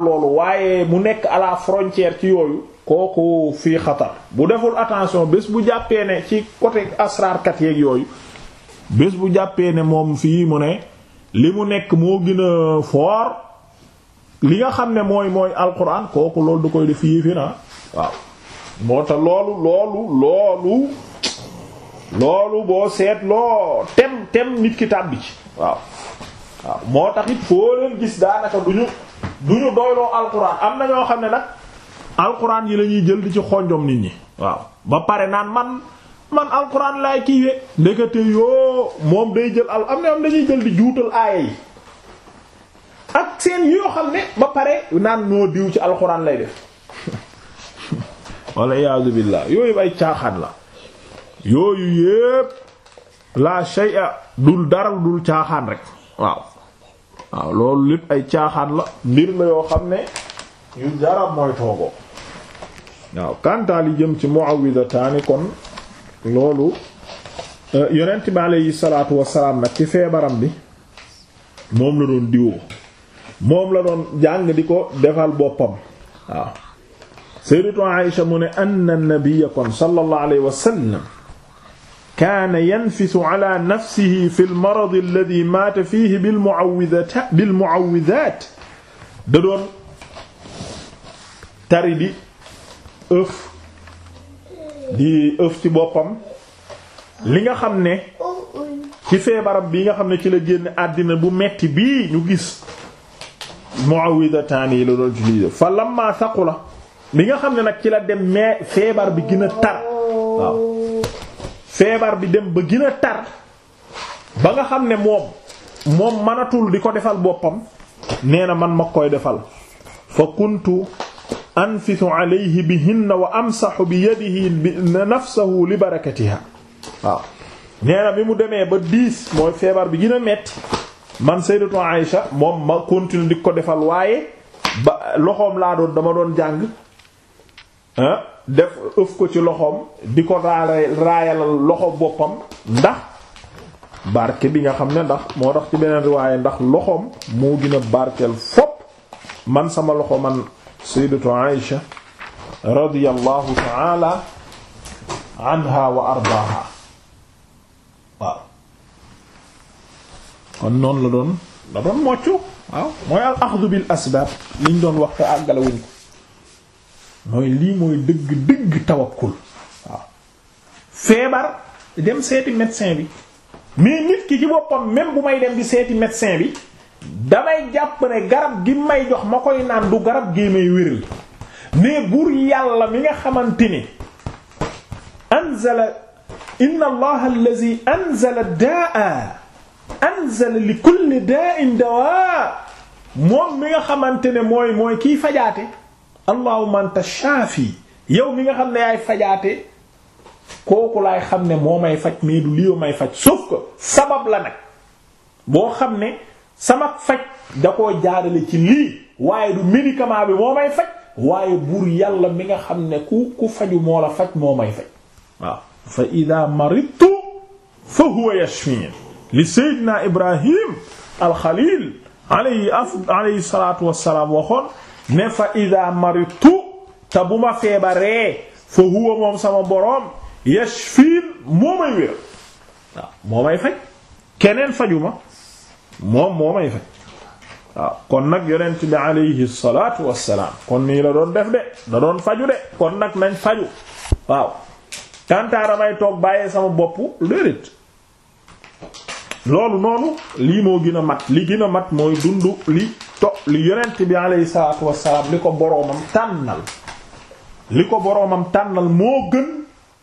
loolu waaye mu nekk à la frontière ci yooyu kooku fii xatar bu deful attention bés bu jàppee ne ci côté asraarkat yeeg yooyu bés bu jàppee ne moom fii mu ne li mu nekk moo gën a li nga xam ne mooy mooy alquran kooku lool du koy def yéefi na ah. waaw moo tax loolu loolu loolu loolu boo seet loo tem tem nit ki tàbbi ci waaw moo tax foo leen gis daanaka duñu du ñu doyloo alquran am na ñoo xam ne nag alquran yi lañuy jël di ci xonjom nit ñi waaw ba pare naan man man alquran laay kiiwe ndekete yoo moom day jël al am na am dañuy jël di juutal aaya yi ak seen yoo xam ne ba pare naan noo diw ci alquran lay def walla iyaazu billaah yooyu ay caaxaan la yooyu yépp la shay'a dul dara dul caaxaan rek waaw waaw loolu lépp ay caaxaan la mbir la yoo xam ne yu jarab mooy toogoo waaw kantaal yi jëm ci muawwidataani kon loolu euh, yonent bi aleyhi salaatu wasalaam nag ci feebaram bi moom la doon diwoo moom la doon jàng di ko defal boppam waaw sayyidatu Aïsha mu ne anna nabiyya kon sallallahu alayhi wa sallam kaana yanfisu ala nafsihi fi lmarad alladi maata fiihi bilmuawwidaat bilmuawwidaat da doon tari di ëf di boppam li nga xam ne ci feebaram bi nga xam ne ci la génn àddina bu metti bii ñu gis muawwidataani yi la doon utilisé fa lamma saqula bi nga xam ne nag ci la dem mais feebar bi gën a tar feebar bi dem ba gën tar ba nga xam ne moom moom manatul di ko defal boppam nee na man ma koy defal fa kuntu anfisu alayhi bihinna wa amsahu bi yadihi nafsahu li barakatiha waaw nee na bi mu demee ba diis mooy feebar bi gina metti man sayyidatu Aïsha moom ma continue di ko defal waaye ba loxoom laa doon dama doon jàng Ah, def ëf ko ci loxoom di ko raaya raayalal loxo boppam ndax barke bi nga xam ne ndax moo tax ci beneen riwaaye ndax loxoom moo gën a barkeel fopp man sama loxo man sayyidatu Aïsha radiyallahu ta'ala anha wa ardaaha waaw kon noonu la doon la doon moccu waaw mooy al axdu bil asbaab liñ doon wax te àggalewuñ ko mooy lii mooy dëgg dëgg tawakkul waaw feebar dem seeti médecin bi mais nit ki ci boppam même bu may dem di seeti médecin bi damay jàpp ne garab gi may jox ma koy naan du garab gi may wéral mais buur yàlla mi nga xamante ni anzala inna allaha allazi anzala daa anzala li kulli daa'in dawaa moom mi nga xamante ne mooy mooy kiy fajaate allahumma anta shaafi yow mi nga xam ne yaay fajaate kooku lay xam ne moo may faj mais du lii may faj sauf que sabab la nag boo xam ne sama faj da koo jaarale ci lii waaye du médicament bi moo may faj waaye buur yàlla mi nga xam ne ku ku faju moo la faj moo may faj waaw fa ida maridtu fa huwa yashfin li seydina ibrahim alxalil alayhi af alayhi salatu wasalaam waxoon ne fa ida maritu te bu ma feebaree fa huwa moom sama boroom yashfiin moo may wér waaw moo may faj keneen faju ma moom moo may faj waaw kon nag yonent bi alayhi salaatu wassalaam kon nii la doon def de da doon faju de kon nag nañ faju waaw kantaara may toog bàyyee sama bopp léerit loolu noonu lii moo gën mat li gën mat mooy dundu li to li yonent bi alayhi salaatu wassalaam li ko boroomam tànnal li ko boroomam tànnal moo gën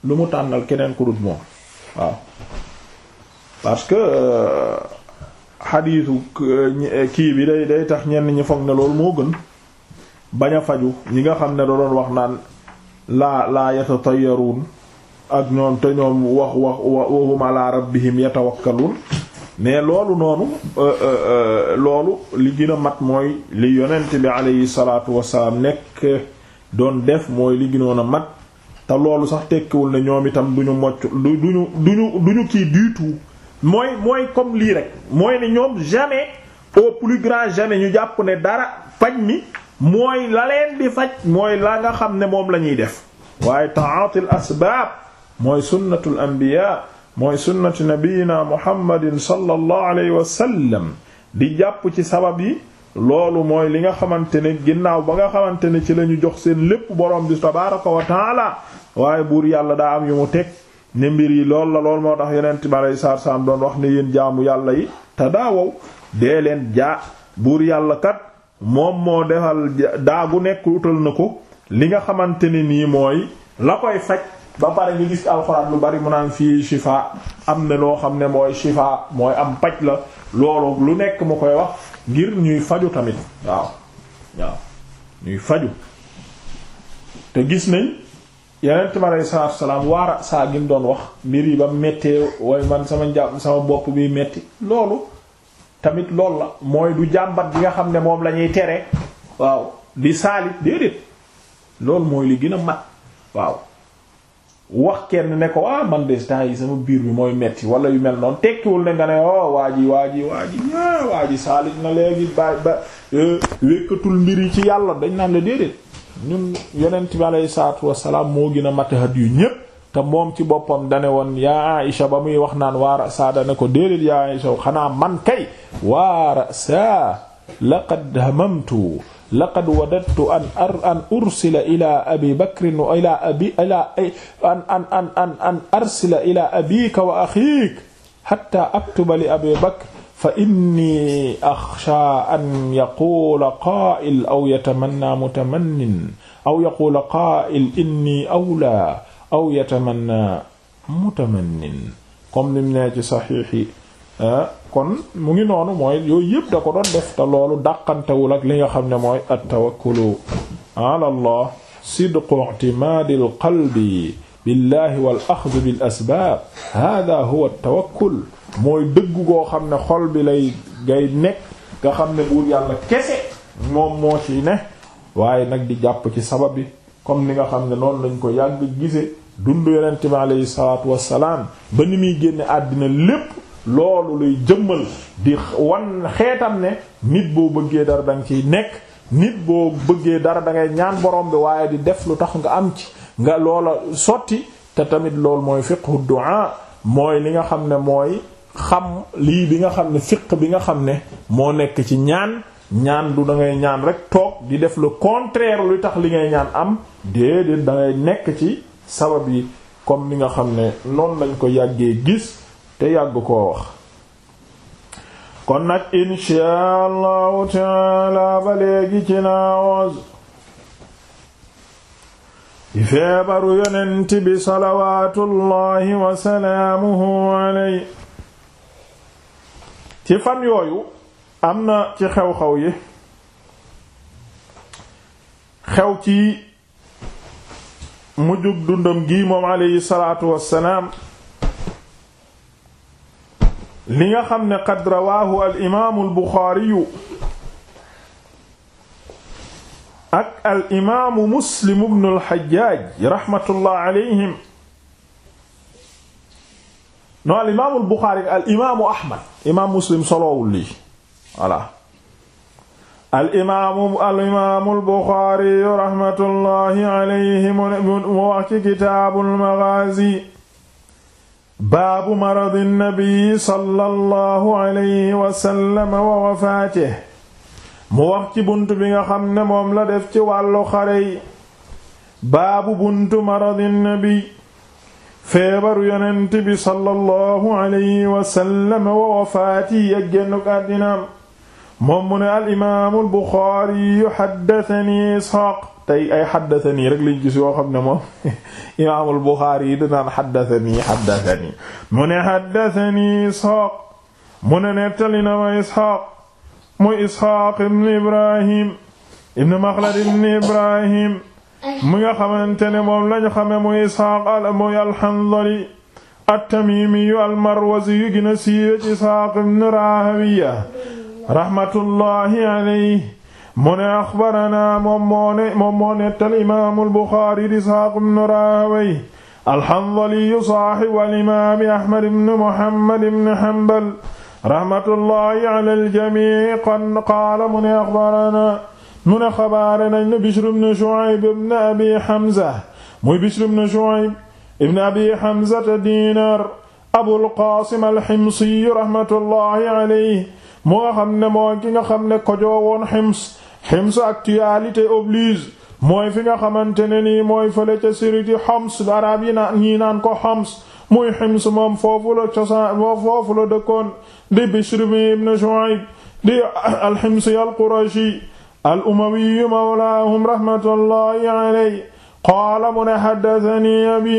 lu mu tànnal keneen ku dut moom waaw parce que euh, xadiisu euh, kii bi day day tax ñenn ñi foog ne loolu moo gën bañ a faju ñi nga xam ne da doon wax naan laa laa yatatayyaruun ak ñoom te ñoom wax wax wa hum ala rabbihim yatawakkaluun mais loolu noonu euh, euh, euh, loolu li gën mat mooy li yonent bi aleyhi salaatu wasalaam nekk doon def mooy li gënoon a mat te loolu sax tekkiwul ne ñoom itam duñu mocc du duñu duñu duñu kii du tout mooy mooy comme lii rek mooy ne ñoom jamais au plus grand jamais ñu jàpp ne dara faj mi mooy la leen di faj mooy la nga xam ne moom la ñuy def waaye ta'atil asbaab mooy sunnatul anbiya mooy sunnati nabiyina muhammadin sallallahu alayhi wa sallam di jàpp ci sabab yi loolu mooy li nga xamante ne ginnaaw ba nga xamante ni ci la jox seen lépp borom bi tabaaraka wa taala waaye buur yàlla daa am yu mu teg ne mbir yi lool la loolu moo tax yeneen ma lay saam doon wax ne yéen jaamu yàlla yi te daawow dee leen jaa buur yàlla kat moom moo defal daa gu nekk utal na ko li nga xamante ne nii mooy la koy faj ba pare ñu gis alxuraan lu bari mu naan fii shifa am na loo xam ne mooy shifa mooy am paj la loolu lu nekk mu koy wax ngir ñuy faju tamit waaw waaw ñuy faju te gis nañ yenent mi aleyhi salaatu salaam waara saa gi doon wax mbir yi ba mettee way man sama njàpp sama bopp bi metti loolu tamit loolu la mooy du jàmbat bi nga xam ne moom lañuy tere waaw di saalit déedéet loolu mooy li gën a mat waaw wax kenn ne ko ah man des temps yi sama biir bi mooy metti wala yu mel noonu tekkiwul ne nga ne oh waa ji waa ji waa ji ah waa ji léegi ba ba euh, wékkatul mbir yi ci yàlla dañ naan la déedéet ñun yonent bi alayhi salaatu wassalaam moo gën a matahat yu ñépp te moom ci boppam dane woon yaa Aïcha ba muy wax naan waara saa dane ko déedéet yaa Aïcha xanaa man kay waara saa laqad hamamtu laqad wadattu an ar an ursila ila abi bakrin wa ila abi ila an an an an an arsila ila abika wa axik hatta aktuba li abi bakr fa inni axsha an yaqula qaa'il aw yatamanna mutamannin aw yaqula qaa'il inni awla aw yatamanna mutamannin comme nim ne ci saxiix yi Euh, kon mu ngi noonu mooy yooyu yëpp da ko doon def te loolu dàqantewul ak li nga xam ne mooy at-tawakkulu ala allah sidqu i'timaadil qalbi billahi bi axdu bil asbaab hada huwa tawakkul mooy dëgg goo xam ne xol bi lay ngay nekk nga xam ne buur yàlla kese moom moo ci ne waaye nag di jàpp ci sabab bi comme ni nga xam ne noonu lañ ko yàgg gise dund yonente bi aleyhi salaatu wassalaam ba ni muy génne àddina lépp loolu luy jëmmal di wan xeetam ne nit boo bëggee dara danga ciy nekk nit boo bëggee dara dangay ñaan borom bi waaye di def lu tax nga am ci nga loola sotti te tamit loolu mooy fiqhu du'a mooy li nga xam ne mooy xam lii bi nga xam ne fiq bi nga xam ne moo nekk ci ñaan ñaan du dangay ñaan rek toog di def lu contraire lu tax li ngay ñaan am déedéet da ngay nekk ci sabab yi comme li nga xam ne noonu lañ ko yàggee gis te yàgg koo wax kon nag inshaa allahu taala ba léegi ci naawoos ci feebaru yonent bi salawaatullahi wasalaamuhu aley ci fan yooyu am na ci xew-xew yi xew ci mujjug dundam gi moom aleyhi salaatu wassalaam li nga xam ne qad rawaahu al imaamu al buxaariyu ak al imaamu muslim ibnu al xajjaaj raxmatullah alayhim no al imaamu al buxaari al imaamu ahmad imaam muslim soloowul lii voilà al imaamu al imaamu al buxaariyu raxmatullahi alayhi mu wax ci kitaabul magaazi baabu maradi nnabii sallallahu alayhi wasallam wa wafaatihi mu wax ci bunt bi nga xam ne moom la def ci wàllu xare yi baabu buntu maradi nnabi feebaru yonent bi sallallahu alayhi wasallam wa wafaatihi ak génnu àddinaam moom mu ne al imaamu al buxaari yu xaddatani isxaaq tey ay xaddatani rek lañ gis yoo xam ne moom imaamul Buxaari yi dinaan xaddatani xaddatani mu ne xaddatani Isxaaq mu ne nettali na ma Isxaaq muy Isxaaq ibn Ibrahim ibn Maxlad ibn Ibrahim mu nga xamante ne moom lañ xame muy Isxaaq al muy al-Hanzali at-Tamimi al-Marwazi yu gën a siiwe ci Isxaaq ibn Raahawayh rahmatullahi alayhi mu ne axbarana moom moo ne moom moo nettal imaamu albuxaari di isxaaq bnu raahawey alxandaliyu saaxibu alimaami ahmad bnu muhammad bnu hanbal rahmatullahi ala aljamici qan qaala mu ne axbarana mu ne xabaare nañ ne bishr bnu shuayb bnu abi hamza muy bishr bnu shuayb ibnu abi hamza dinar abul qaasim alximsiyu rahmatullahi alayhi mu nga xam ne moo ki nga xam ne kojoowoon xims Hims actualité oblige mooy fi nga xamante ne nii mooy fële ca siriti Homs arab yi naan ñii naan ko Homs muy Hims moom foofu la cosaan foofu la dëkkoon di Bishr ibn Shu'ayb di al-Himsi al-Qurashi al-Umawi mawlaahum rahmatullahi alayhi qaala mu ne haddathanii abi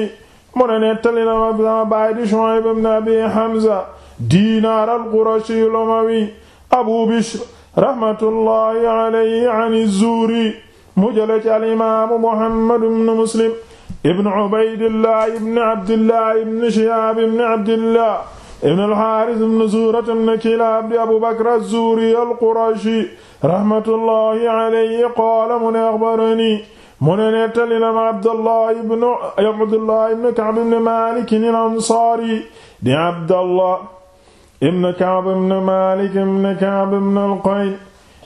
mu ne nettali na ma sama baay di Shu'ayb ibn Abi Hamza Diinaar al-Qurashi al-Umawi Abu Bishr rahmatullahi alayhi an az-Zuhri mu jële ci al-imaamu Muhammad ibn Muslim ibn Ubaydillah ibn Abdillah ibn Shihab ibn Abdillah ibn al-Harith ibn Zuhra ibn Kilab di Abu Bakr az-Zuhri al-Qurashi rahmatullahi alayhi qaala mu ne axbarani mu ne nettali na ma Abdallah ibn Abdallah ibn Ka'b ibn Malik al-Ansari di Abdallah ibn Ka'b ibn Malik ibn Ka'b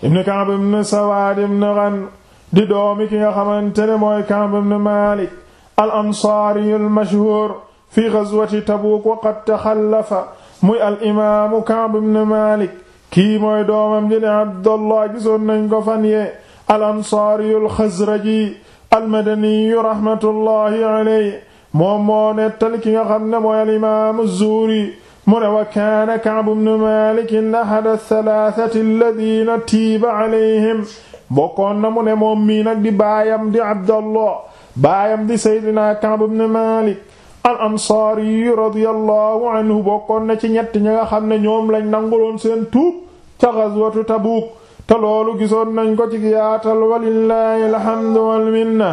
ibn Sawaad ibn Ghanm di doomi ki nga xamante ne mooy Ka'b ibn Malik al-Ansaari al-mashhuur fi ghazwati Tabuuk wa qad taxallafa muy al-imaamu Ka'b ibn Malik kii mooy doomam di Abdallah gisoon nañ fan yee al-Ansaari al-Khazraji al-Madani rahmatullahi alayhi moom moo nettali ki nga xam ne mooy al-imaam az-Zuhri mu ne wa kaana Ka'b ibn Maalik ahada salaasati alladhiina tiiba alayhim bokkoon na mu moom mii nag di baayam di Abdallah baayam di Seydina Ka'b ibn Maalik al ansaari radiyallahu anhu bokkoon na ci ñett ñi nga xam ne ñoom lañ nanguloon seen tuub ca ghazwatu Tabuuk te loolu gisoon nañ ko ci yaatal walillahi alhamdu wal minna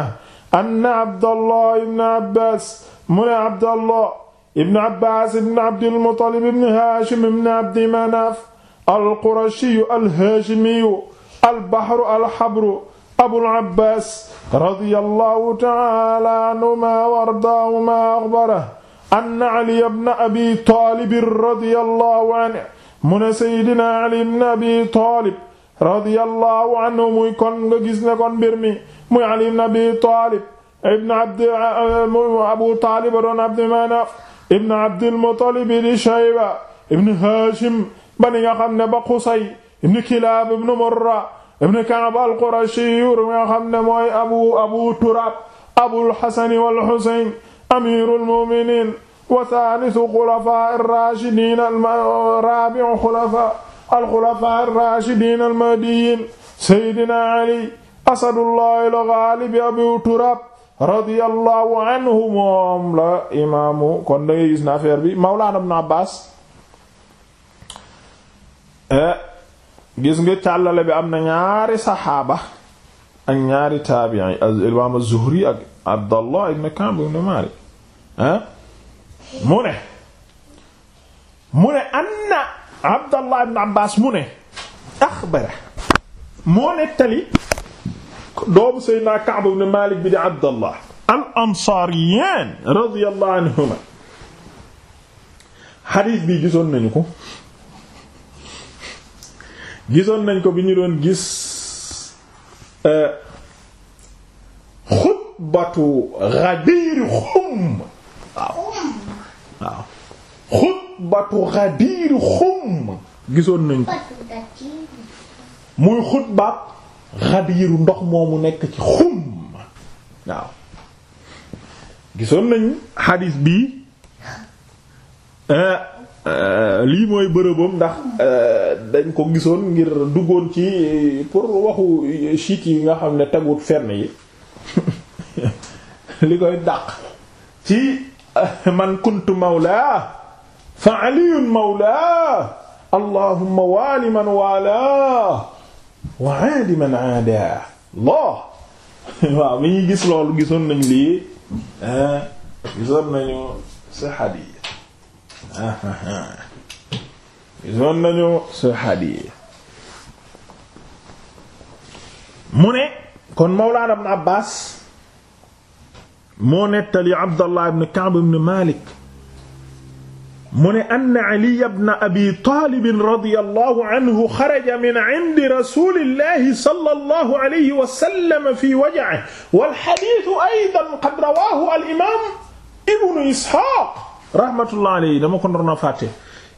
anna Abdallah ibn Abbaas mu Abdallah ibn Abbas ibn Abdul Muttalib ibn Hashim ibn Abdi Manaf al-Qurashi al-Hashimi al-Bahru al-Habru Abul Abbas radiyallahu ta'ala anhuma wa ardaahuma axbarahu anna Ali ibn Abi Talib radiyallahu anhu mu ne Seydina Ali ibn Abi Talib radiyallahu anhu muy kon nga gis ne kon mbir mi muy Ali ibn Abi Talib ibn Abdi Abu Talib doon Abdi Manaf ibn abdilmutalib di shayba ibn haashim ba ni nga xam ne ba qusay ibn kilaab ibn murra ibn kaab alqurashi yu nga xam ne mooy abu abu turaab abulxasani walxusayn amiru lmuminin wa thalithu xulafa rachidin rabiu xulafa alxulafa rachidin almahdiyin saydina ali asadullahi algaalib abu turaab radiyallahu anhu moom la imaamu kon da ngay gis na affaire bi mawlaana ibn Abbaas eh, gis nga càllale bi am na ñaari saxaaba ak ñaari taabi'i al-imaam az-Zuhri ak Abdallah ibn Ka'b ibn Maalik ah mu ne mu ne anna Abdallah ibn Abbaas mu ne axbara moo nettali doomu Seydina Ka'b ibn Malik bi di Abdallah al ansaariyaan radiyallahu anhuma xadiis bi gisoon nañu ko gisoon nañ ko bi ñu doon gis euh, xutbatu Ghadir Khoum waaw waaw xutbatu Ghadir Khoum gisoon nañ ko muy xutba xadiiru ndox moomu nekk ci xum waaw gisoon nañu xadiis bii eh, eh, lii mooy bërëbam ndax eh, dañ ko gisoon ngir duggoon ci pour waxu chiites yi nga xam ne teguut fenn yi li koy dàq ci man kuntu mawla fa aliyun mawla allahumma waali man waala wa waaw mi ñuy gis loolu gisoon nañ lii ah, gisoon nañu sa xadiis gisoon nañu sa xadiis mu ne kon Mawlaana Ibn Abbaas moo nettali Abdallah ibn Ka'b ibn Maalik mu ne anna ali ibn abi taalib radiyallahu anhu xaraja min indi rasulillahi sallallahu alayhi wa sallam fi waj'ihi wal hadiis aydan qad rawaahu al imaam ibnu isxaaq rahmatullahi alayhi dama ko doon fàtte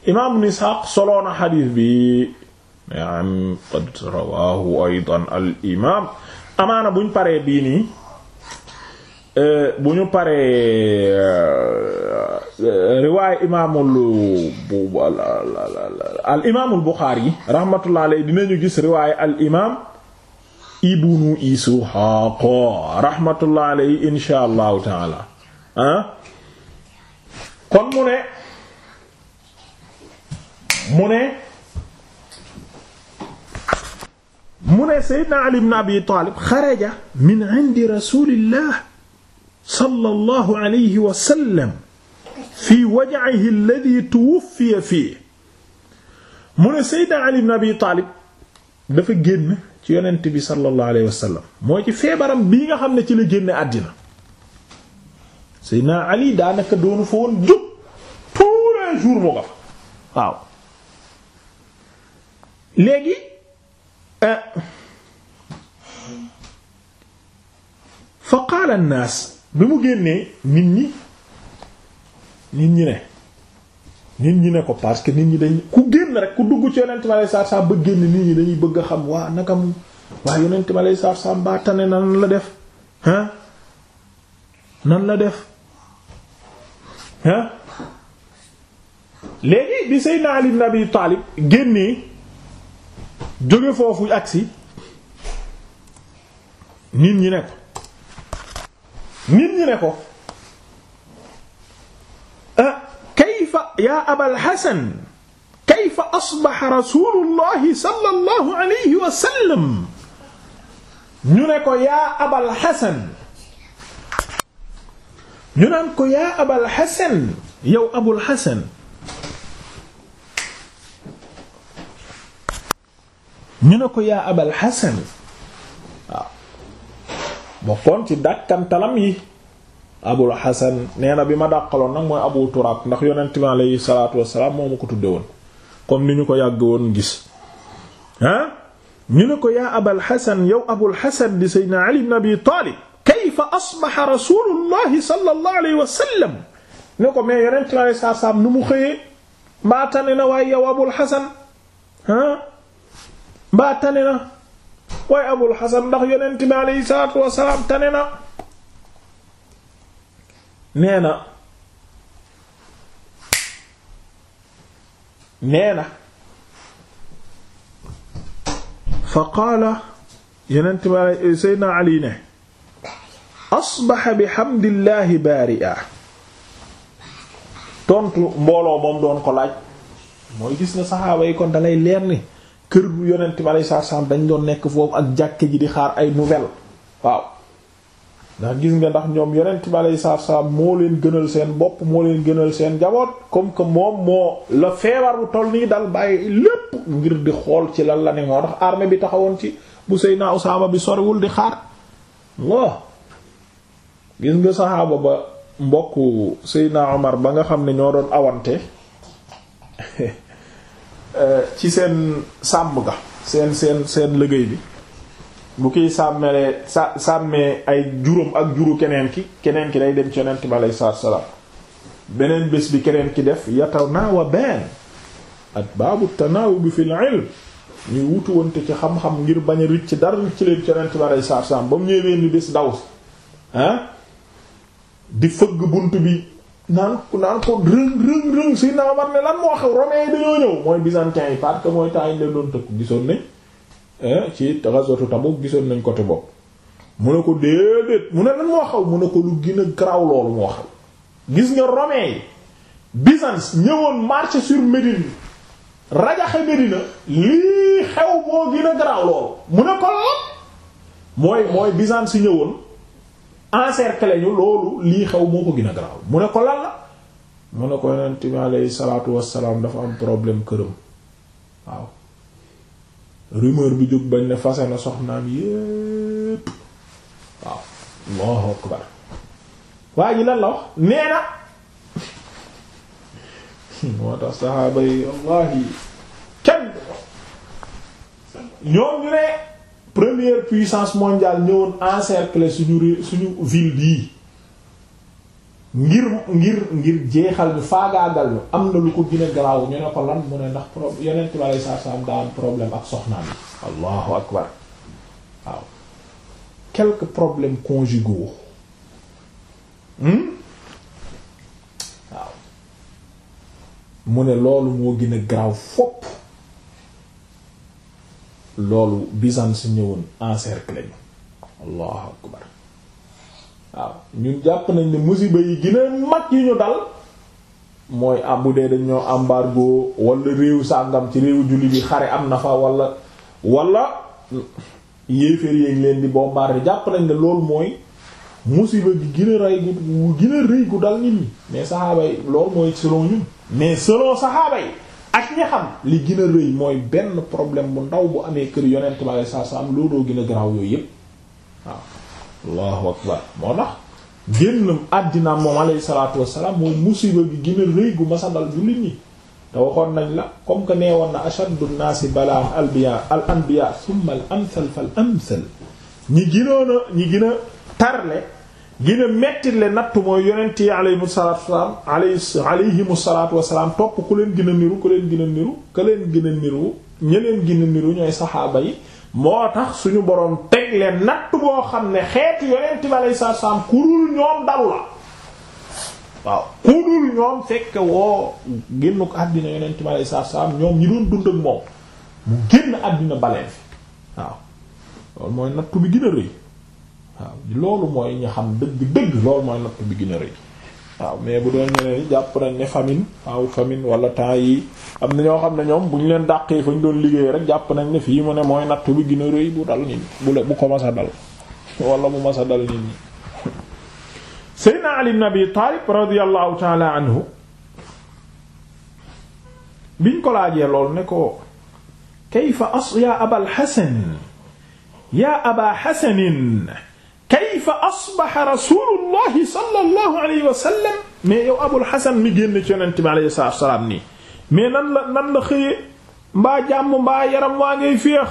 imaam ibnu isxaaq solo na hadiis bi naam qad rawaahu aydan al imaam amaana buñ paree bii nii Euh, bu ñu paree euh, euh, riwaay imaamul bu al imaamul Buxaari rahmatullah alayhi dinañu gis riwaay al imaam ibnu Isxaaq rahmatullah alayhi insha allahu taala ah kon mu ne mu ne mu ne Seydina Ali ibn Abi Taalib xaraja min indi rasulillah sallallahu alayhi wa sallam fi waj'ihi alladhi tuwuffiya fihi mu ne Seydina Ali ibn Abi Taalib dafa génn ci yonent bi sallallahu alayhi wa sallam mooy ci feebaram bii nga xam ne ci la génne àddina Seydina Ali daanaka doonu fa woon jóg tous les jours mu nga fa waaw léegi euh, fa qaala an-naas bi mu génnee nit ñi nit ñi ne nit ñi ne ko parce que nit ñi dañ ku génn rek ku dugg ci yonent ma lay saar saam ba génn nit ñi dañuy bëgg a xam waa naka mu waa yonent ma lay saar saam ba tane nan la def hein nan la def hein léegi bi Seydina Ali ibn Abi Taalib génnee jóge foofu agsi nit ñi ne ko nit ñi ne ko ah, kayfa yaa abal hasan kayfa asbaha rasulullahi sallallahu alayhi wa sallam ñu ne ko yaa abal hasan ñu naan ko yaa abal hasan yow abul hasan ñu ne ko yaa abal hasan bokkoon ci dàkkantalam yi abul hasan nee na bi ma dàqaloon nag mooy abu turaab ndax yonent bi aleyhi salaatu moo ma ko tudde woon comme ni ñu ko yàgg woon gis ñu ne ko yaa abal hasan yow abul hasan di sayyidina ali ibn abi taalib kayfa asbaha rasulullahi sallallahu alayhi wa sallam ko mais yonent bi aleyhi salaatu nu mu xëyee mbaa tane na waaye yow abul hasan ah tane na waaye abul xasan ndax yonent bi aleyhi salaatu wasalaam tane na nee na nee na fa qaala yonent bi seydna ali ne asbaxa bihamdillahi baari'a tontu mbooloo moom doon ko laaj mooy gis na saxaaba yi ko dalay leer ni kër yonent bi aleyhi salaatu salaam dañ doon nekk foofu ak jàkke ji di xaar ay nouvelle waaw ndax gis nga ndax ñoom yonent bi aleyhi salaatu salaam moo leen gënal seen bopp moo leen gënal seen jaboot comme que moom moo la feebar bu toll nii dal bàyyi lépp ngir di xool ci lan la ne moo tax armée bi taxawoon ci bu Seydina Usaama bi soriwul di xaar waaw gis nga saxaaba ba mbokk Seydina Omar ba nga xam ne ñoo doon awante Euh, ci seen sàmm ga seen seen seen liggéey bi bu kiy sàmmelee sa sàmmee ay juróom ak juru keneen ki keneen ki day dem ci yonent bi aleyhi salaatu salaam beneen bés bi keneen ki def yatanaawa benn at baabu tanaawub fil ilm ñuy wutu wante ci xam-xam ngir bañ a rëcc dara ci leen ci yonent bi aleyhi salaatu salaam ba mu ñëwee ni bés daw ah di fëgg bunt bi naan naan ko rëng rëng rëng si naa war ne lan moo xew romain yi dañoo ñëw mooy byzantin yi parce que mooy temps yi leen doon tëkk gisoon nañ ci ghazwatu Tabuk gisoon nañ côté boobu mu ne ko déedéet mu ne lan moo xew mu ne ko lu gën a garaaw loolu moo xew gis nga romain yi Byzance ñëwoon marché sur Médine rajaxe Médina lii xew boo gën a garaaw loolu mu ne ko mooy mooy Byzance si ñëwoon encercler ñu loolu lii xew moo ko gën a garaaw mu ne ko lan la mu ne ko yonent bi alayhi salaatu wassalaam dafa am problème këram waaw rumeur bi jóg bañ ne fase na soxnaam yépp waaw Allahu akbar waa ji lan la wax nee na moo tax saxaaba wallahi kenn ñoom ñu ne première puissance mondiale ñëwoon encercler suñu suñu ville bii ngir ngir ngir jeexal ñu faagaagal ñu am na lu ko gën a garaaw ñu ne ko lan mu ne ndax pro yonent bi aleyhi salaatu salaam daa problème ak soxnaam yi allahu akbar waaw quelques problèmes conjugaux hmm? waaw mu ne loolu moo gën a garaaw loolu Byzance ñëwoon encerclé ñu allahu akbar waaw ñun jàpp nañ ne musiba yi gën mag yi ñu dal mooy ah, bu dee dañoo embargo wala réew sàngam ci réew julli bi xare am na fa walla walla yéeféer yéegi leen di bombarder jàpp nañ ne loolu mooy musiba gi gën a rey gu gën a rëy gu dal mais saxaaba yi loolu mooy selon ñun mais selon saxaaba yi ak ña li gën a rëy mooy benn problème bu ndaw bu amee kër yonent ma lay saa saa am looloo gën a garaaw yooyu yépp waaw allahu akbar moo tax génn àddina moom alayhi salaatu wassalaam moom musiba gi gën a rëy gu masadal jullit ñi te waxoon nañ la comme que nee na ashaddu naasi balaan albiya al anbiya thumma al amthal ñi gënoon ñi gën a gina metti le natt mooy yonent yi aleyhim salaatu wasalaam alayhim salaatu wasalaam topp ku leen gën a ku leen gën a niru ku leen gën a niru ña leen gën a niru ñooy saxaaba yi moo tax suñu boroom teg leen natt boo xam ne xeetu yonent bi aleyhi salaatu ku dul ñoom dalu la waaw ku dul ñoom fekk woo génn ko àddina yonent bi aleyhi salaatu ñoom ñi doon dund ak moom mu génn àddina baleen waaw mooy natt bi gën rëy waaw loolu mooy ñu xam dëgg-dëgg loolu mooy natt bi gën a rëy waaw mais bu doon ñeneen jàpp nañ ne famine waaw famine wala temps yi am na ñoo xam ne ñoom bu ñu leen dàqee fa ñu doon liggéey rek jàpp nañ ne fii mu ne mooy natt bi gën a rëy bu dal nit bu le bu ko mas a dal wala bu mas a dal nit ñi Seydina Ali ibn Abi Talib radiyallahu ta'ala anhu biñ ko laajee loolu ne ko kayfa as yaa abal Hasan yaa aba Hasanin kayfa asbaha rasulullahi sallallahu alayhi wa sallam mais yow abul hasan mi génn ci yonent bi alayhi salaatu wasalaam nii mais nan la nan la xëyee mbaa jàmm mbaa yaram waa ngay féex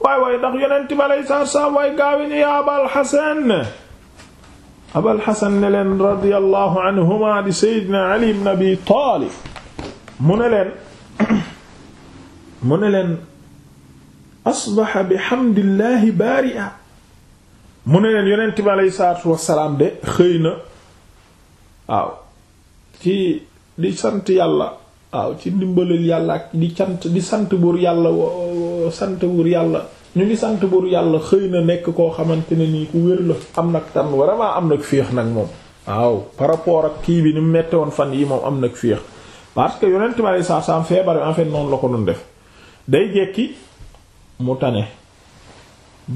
waay waay ndax yonent bi alayhi salaatu wasalaam waay gaawe ni yaa abal hasan abal hasan ne leen radiyallahu anhuma di sayyidina ali ibn abi talib mu ne leen mu ne leen asbaha bihamdillahi bari'a mu ne leen yonent bi aleyhi salaatu wassalaam de xëy na waaw ci di sant yàlla waaw ci ndimbalal yàlla ak di sant di sant buur yàlla sant buur yàlla ñu ngi sant buur yàlla xëy na nekk koo xamante ne nii ku wér la am nag tan vraiment am nag féex nag moom waaw par rapport ak kii bi ni mu mette woon fan yii moom am nag féex parce que yonent bi aleyhi salaatu wassalaam feebar en fait noonu la ko doon def day jekki mu tane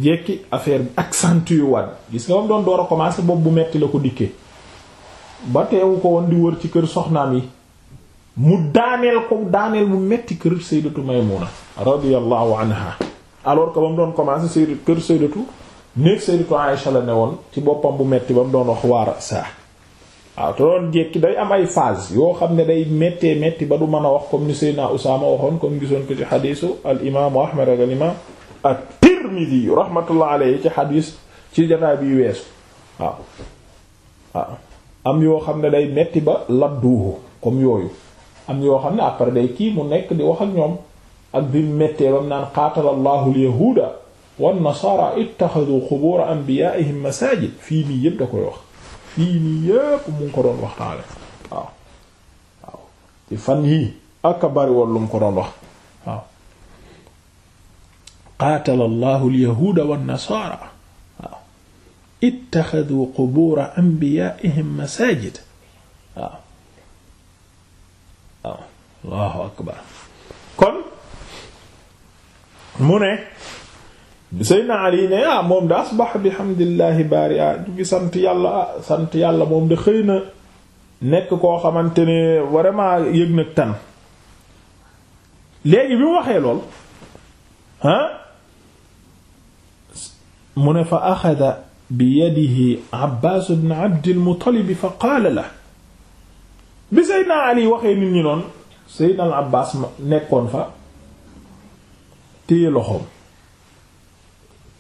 jekki affaire bi accentué waat gis nga moom doon door a commencé boobu bu metti la ko dikkee ba teewu ko woon di wër ci kër soxnaam yi mu daaneel ko daaneel mu metti kër sayyidatu Maymuna radiyallahu anha alors que ba doon commencé sayyidu kër sayyidatu la ne woon ci boppam bu metti ba mu doon wax waara saa waaw te doon jekki day am ay phase yoo xam ne day mettee metti ba du mën a wax comme ni Seydina Usaama waxoon comme gisoon ko ci xadiisu al imaamu Ahmad ak imaam ak at-Tirmidhi rahmatullah alayhi ci xadiis ci jataay bi weesu waaw am yoo xam ne day metti ba ladduuhu comme yooyu am yoo xam ne après day kii mu nekk di wax ak ñoom ak bi mettee bam naan qaatala allahu al-yahuuda nasaara ittaxadu qubuura anbiyaa'ihim masaajid fii nii yëpp da koy wax fii nii yëpp mu ko doon waxtaale waaw waaw ci fan yii ak a bari lu mu ko doon wax qaatala allahu alyahuuda wannasaara waaw ittaxaduu qubuura anbiyaa'ihim masaajid waaw waaw allahu akbar kon mu ne Seydina Ali ne ah moom da asbax bihamdillahi baari ah jugi sant yàlla ah sant yàlla moom da xëy na nekk koo xamante ne vraiment yëg na tan léegi bi mu waxee lool ah mu ne fa axada bi yadihi Abbaas ibn Abdil Muttalib fa qaala la bi Seydina Ali waxee nit ñi noonu Seydina al Abbaas nekkoon fa téye loxoom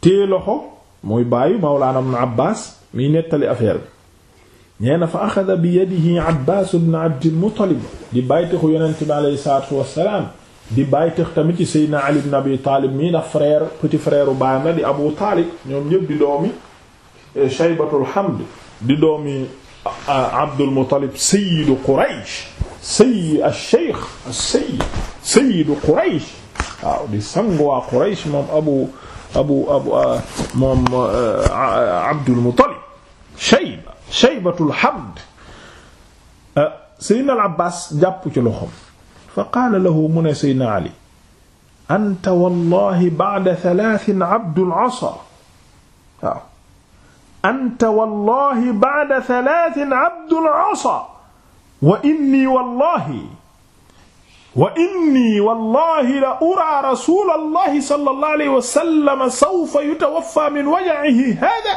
téye loxo muy bàyyi Mawlaana ibn Abbaas miy nettali affaire bi nee na fa axada bi yadihi Abbaas ibn Abdil Muttalib di bàyyi taxu Yonent bi aleyhi salaatu wa salaam di bàyyi tëx tamit ci Seydina Ali ibn Abi Taalib mii ndax frère petit frère u baayam la di Abu Taalib ñoom ñëpp di doomi eh, Shaybatul Hamd di doomi Abdul Muttalib sayyidu Quraysh sayyi ash-shaykh as-sayyid sayyidu Quraysh waaw di sangu waa Quraysh moom Abu Abu Abu moom Abdul Muttalib Shayba Shaybatul Hamd eh, Seydina al-Abbaas jàpp ci loxoom fa qaala lahu mu ne seydna ali anta wallahi ba'da thalathin abdul asa waaw anta wallahi ba'da thalathin abdul asa wa inni wallahi wa inni wallahi la uraa rasulallahi sallallahu alayhi wa sallam sawfa yutawaffa min waj'ihi hadha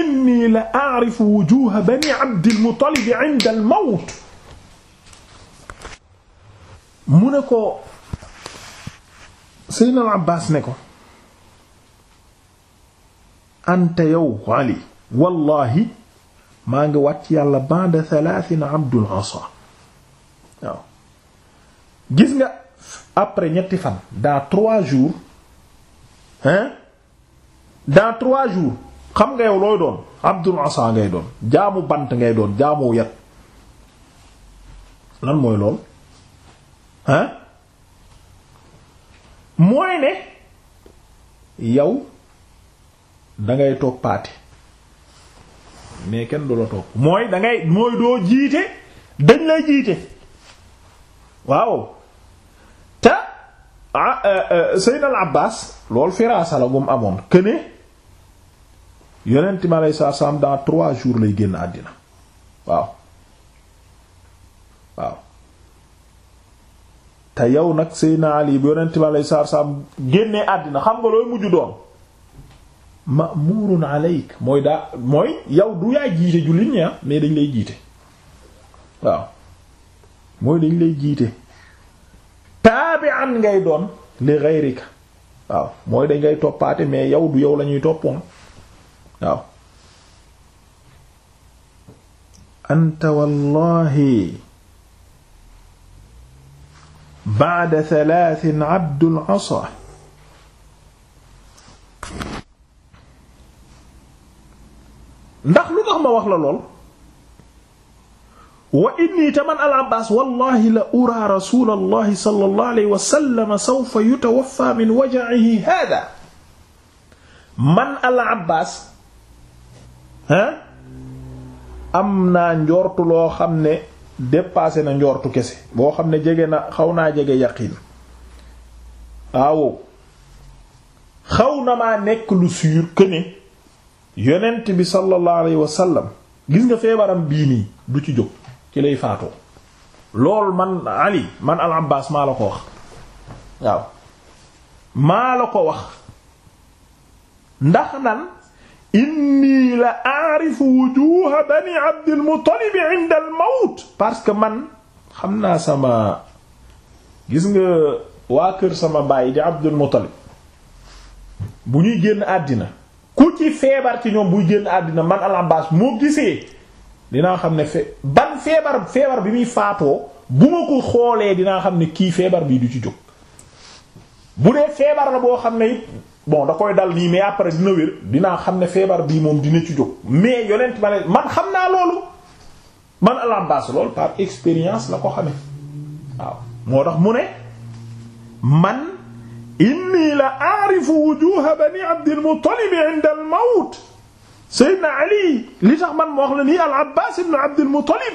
inni la a'rifu wujuha bani abdil muttalib 'inda al-mawt mu ne ko Seydina al Abbaas ne ko anta yow Ali wallahi maa ngi wàcc yàlla ba'da thalathin abdul asa waaw gis nga après ñetti fan dans trois jours hein dans trois jours xam nga yow looy doon abdul asa ngay doon jaamu bant ngay doon jaamu yat lan mooy lool ah mooy ne yow dangay toppaate mais kenn du la topp mooy dangay mooy doo jiite dañ lay jiite waaw te ah, euh, euh, Seydina Abbas loolu firaasa la gum amoon këne yonent mi aleyhi salaatu salaam dans trois jours lay génn àddina waaw waaw te yow nag Seydina Ali bi yonent bi aleyhi salaatu salaam génnee àddina xam nga looy mujj doon ma'muurun aleyk mooy daa mooy yow du yaa jiite jullit ñi ah, mais dañ lay jiite waaw mooy dañ lay jiite taabi'an ngay doon li ghayrika waaw mooy dañ ngay toppaate mais yow du yow la ñuy toppoon waaw anta wallahi ba'da thalaatin abdul asa ndax lu tax ma wax la lool wa inni taman al abbaas wallahi la uraa rasulallahi sallallahu alayhi wa sallam sawfa yutawaffa min waja'ihi haadaa man al abbaas ha am naa njortu loo xam ne dépassé na njortu kese boo xam ne jege na xaw naa jege yaqiin waaw xaw na maa nekk lu sûr que yonent bi sallallahu alayhi wa sallam gis nga feebaram bii nii du ci jóg ci lay faatoo lool man Ali man al Abbas maa la ko wax waaw maa la ko wax ndax nan inni la aarifu wujuha bani abdil parce que man xam naa sama gis nga waa kër sama baay di abdul muttalib bu ñuy génn àddina ku ci feebar ci ñoom buy génn àddina man al moo gisee dinaa xam ne fe ban feebar feebar bi muy faatoo bu ma ko xoolee dinaa xam ne kii feebar bii du ci jóg bu dee feebar la boo xam ne it bon da koy dal nii mais après dina wér dinaa xam ne feebar bii moom dina ci jóg mais yonent ma man xam naa loolu man alambas loolu par expérience la ko xamee waaw moo tax mu ne man inni la aarifu wujuha bani abdil muttalib inda al mawt sayyidina ali li tax man ma wax la lii al abbas ibn abdil muttalib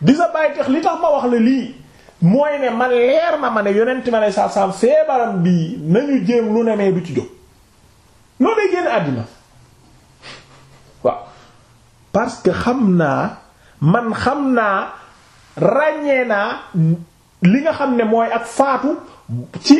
di sa bàyyi tax li tax ma wax la lii mooy ne ma leer na ma ne yonent ma lay saa saam feebaram bi nañu jéem lu ne mee du ci jóg noonu lay génn àddina waaw parce que xam naa man xam naa ràññee naa li nga xam ne mooy ak faatu ci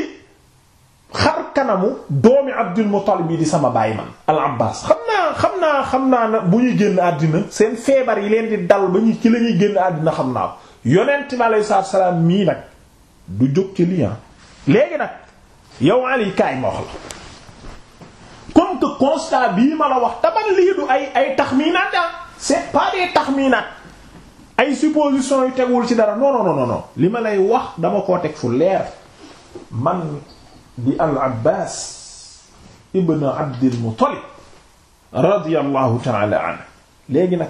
xar kanamu doomi Abdul Muttalib yi di sama baay man al Abbaas xam naa xam naa xam naa na bu ñuy génn àddina seen feebar yi leen di dal ba ñu ci la ñuy génn àddina xam naa ko yonent bi aleyhi salaatu salaam mii nag du jóg ci lii léegi yow Ali kaay ma wax la comme que constat bii ma la wax taban lii du ay ay taxminaat ah c'est ay supposition yu tegul ci dara non non non li ma lay wax dama koo teg fu leer man di al Abbaas ibn Abdil Muttalib radiyallahu ta'ala anhu léegi nag.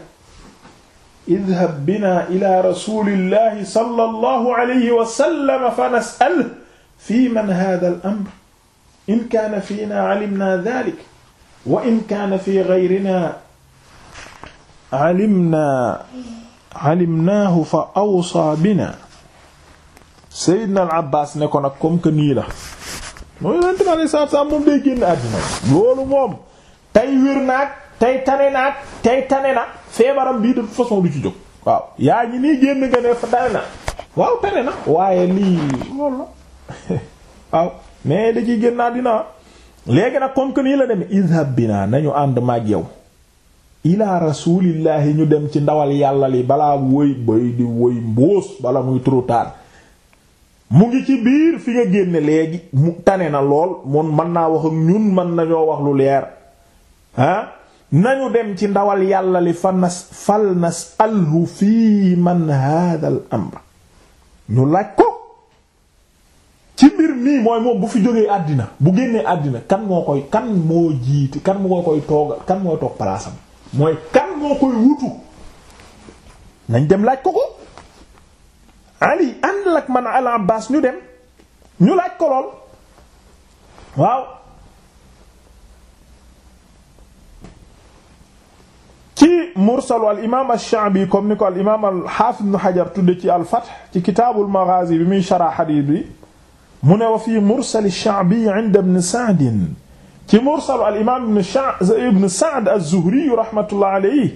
idhab bina ila rasulillahi sallallahu alayhi wa sallam fa nas'aluhu fi man hadha al-amr in kaana fiina alimna dhalik wa in kaana fi ghayrina alimna alimnaahu fa awsaa bina Seydina al Abbas ne ko nag comme que nii la mooy yonente bi alei satu selaam moom day génn àddina loolu moom tey wér naag tey tane naag tey tane na feebaram bii de toute façon du ci jóg waaw yaa ngi nii génn nga ne fa tane na waaw tane na waaye lii loolu la waaw mais da ciy génn naa dina léegi nag comme nii la demee idhab bina nañu ànd maag yow ila rasulillahi ñu dem ci ndawal yàlla li balaa woy bay di woy mbóos bala muy trop mu ngi ci biir fi nga génne léegi mu tane na lool moom mën naa wax ak ñun mën nañoo wax lu leer ah nañu dem ci ndawal yàlla li fa nas fal nas alhu fii man hada al amr ñu laaj ko ci mbir mii mooy moom bu fi jógee àddina bu génnee àddina kan moo koy kan moo jiiti kan moo koy toog kan moo toog palaasam mooy kan moo koy wutu nañ dem laaj ko ko ali ànd lak man al ñu dem ñu laaj ko lool waaw ci mursalu al imaam ash-Sha'bi comme ni ko al imaam al xaafid ibn Hajar tudde ci al Fath ci kitaabul Maghaazi bi muy shara xadiis bi mu ne wa fii mursal ash-Sha'bi 'inda ibn Sa'd ci mursalu al imaam ibn Sa'd az-Zuhri rahmatullahi alayhi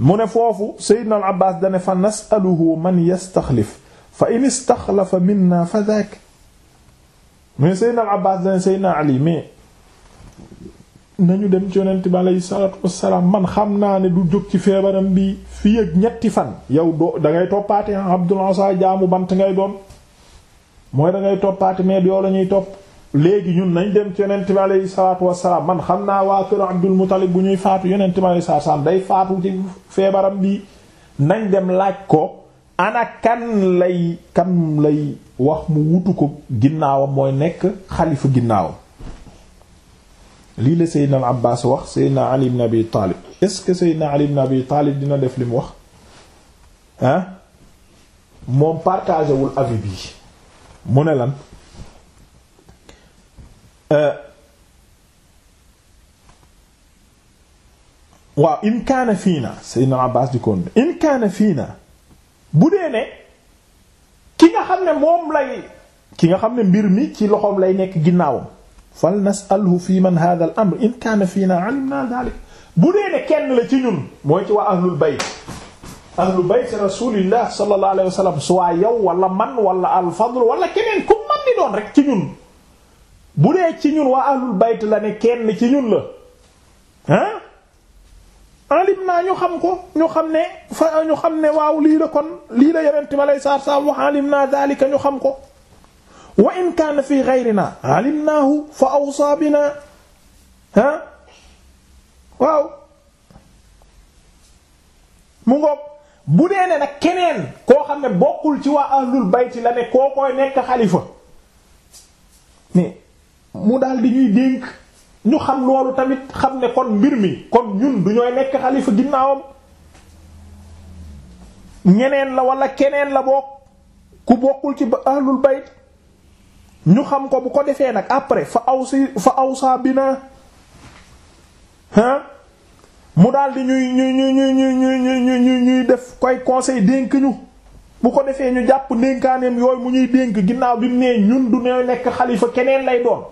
mu ne foofu Seydina al Abbaas dane fa nas'aluhu man yastaxlif fa in istaxlafa minna fa dhaak mu ne Seydina al Abbaas dane Seydina Ali mais nañu dem ci yonent bi aleyhi salaatu wassalaam man xam naa ne du jóg ci feebaram bi fii ak ñetti fan yow doo dangay toppaate Abdul Asa jaamu bant ngay doon mooy dangay toppaate mais yoo la ñuy topp léegi ñun nañ dem ci yonent bi aleyhi salaatu wassalaam man xam naa waa kër Abdul Muttalib bu ñuy faatu yonent bi aleyhi salaatu wassalaam day faatu ci feebaram bi nañ dem laaj ko ana kan lay kan lay wax mu wutu ko ginnaawam mooy nekk xalifa ginnaaw lii la Seydina al Abbas wax Seydina Ali ibn Abi Taalib est-ce Ali ibn Abi Taalib dina def li mu wax ah moom partagé wul avis bi mu ne lan euh, waaw in kaana fiina Seydina al Abbas di kon in kaana fiina bu dee ne ki nga xam ne moom lay ki nga xam ne mbir mi ci loxoom lay nekk ginnaawam fal nasalhu fi man hada al amr in kaana fiina alimna dalik bu dee ne kenn la ci ñun mooy ci waa ahlul bayt ahlu bayt rasulillah sallallahu alayhi wa sallam soit yow wala man wala alfadl wala keneen ku man ni doon rek ci ñun bu dee ci ñun waa ahlul bayt la ne kenn ci ñun la ah alim naa ñu xam ko ñu xam ne fa ñu xam ne waaw lii la kon lii la yonent bi aleyhi salaatu wa salaam wax alim naa daalika ñu xam ko wa in kaana fi ghayrina alimnaahu fa awsaa binaa ha waaw mu ngoog bu dee ne nag keneen koo xam ne bokkul ci waa ahlul bayti la ne koo koy nekk xalifa ni mu daal di ñuy dénk ñu xam loolu tamit xam ne kon mbir mi kon ñun du ñooy nekk xalifa ginnaawam ñeneen la wala keneen la bokk ku bokkul ci ahlul bayt ñu xam ko bu ko defee nag après fa aw si fa awsa bina hein mu daal di ñuy ñuy ñuy ñuy ñuy ñuy def koy conseil dénk ñu bu ko defee ñu jàpp ndénkaaneem yooyu mu ñuy dénk ginnaaw bi mu nee ñun du ñooy nekk xalifa keneen lay doon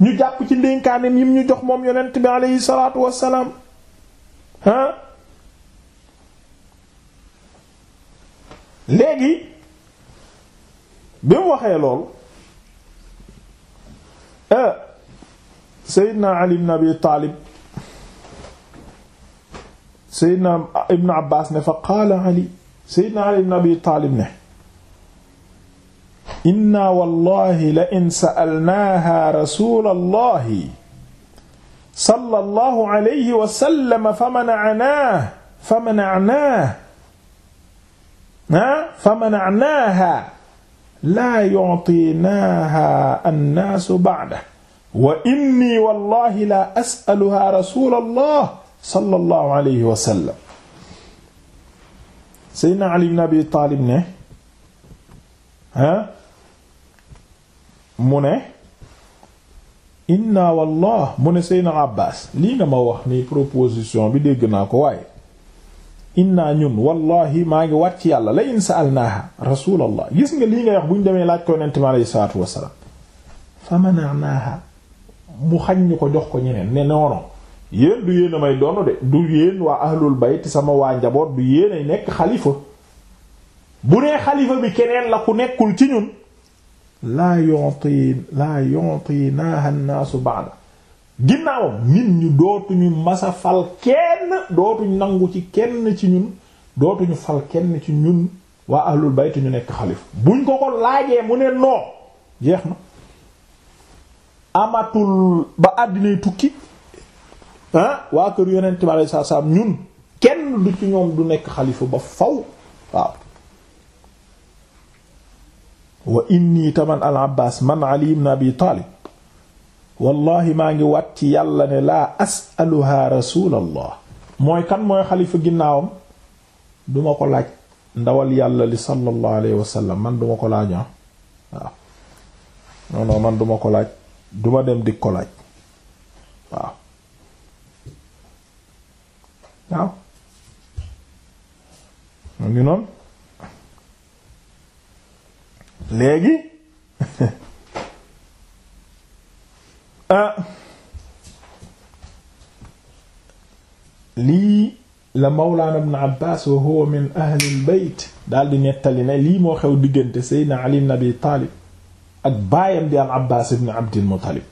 ñu jàpp ci ndénkaaneem yim ñu jox moom yonent bi aleyhi salaatu wassalaam ah léegi bi mu waxee loolu Eh, Seydina Ali ibn Abi Taalib Seydina Ibn Abbas ne fa qaala Ali Seydina Ali ibn Abi Taalib ne inna wallahi la in sa'alnaaha rasuulallahi sallallahu alayhi wa sallam fa mana'naahu fa mana'naahu ha fa mana'naaha laa yu'tiinaahaa annaasu ba'da wa inni wallahi la as'aluhaa rasuulallah sallallahu alayhi wa sallam. Seydina Ali ibn Abi Taalib ne ah mu ne inna wallah mu ne Seydina Abbaas lii nga ma wax ni proposition bi dégg naa ko waaye inna ñun wallahi maa ngi wat ci yàlla la in sa'alnaaha rasulallah gis nga lii ngay wax bu ñu demee laaj ko yonent mi alayhi salaatu wassalaam fa mana'naaha mu xañ ko jox ko ñeneen ne noono yéen du yéen a may doon de du yéen waa ahlul bayt sama waa njaboot du yéen ay nekk xalifa bu nee xalifa bi keneen la ku nekkul ci ñun laa yonti laa yontinaaha an-naasu ba'da ginnaawam nit ñu dootuñu masa fal kenn dootuñu nangu ci kenn ci ñun dootuñu fal kenn ci ñun waa ahlul bayt ñu nekk xalifa buñ ko ko laajee mu ne noo jeex na amatul ba àddinay tukki ah, waa kër yonent ci alei saa salaam ñun kenn du ci ñoom du nekk xalifa ba faw waaw wa inni taman al abbas man ali ibn abi talib wallahi maa ngi wat ci yàlla ne laa asaluha rasulallah mooy kan mooy xalifa ginnaawam duma ko laaj ndawal yàlla li sallallahu alayhi wasallam man duma ko laaj ah duma ko laaj duma dem di ko laaj waaw waaw mu noonu léegi Ah. lii la mawlaana ibn Abbaas wa huwa min ahlil beyt daal nettali ne lii moo xew diggante seydna Ali ibn Abi Taalib ak baayam di al Abbaas ibn Abdil Muttalib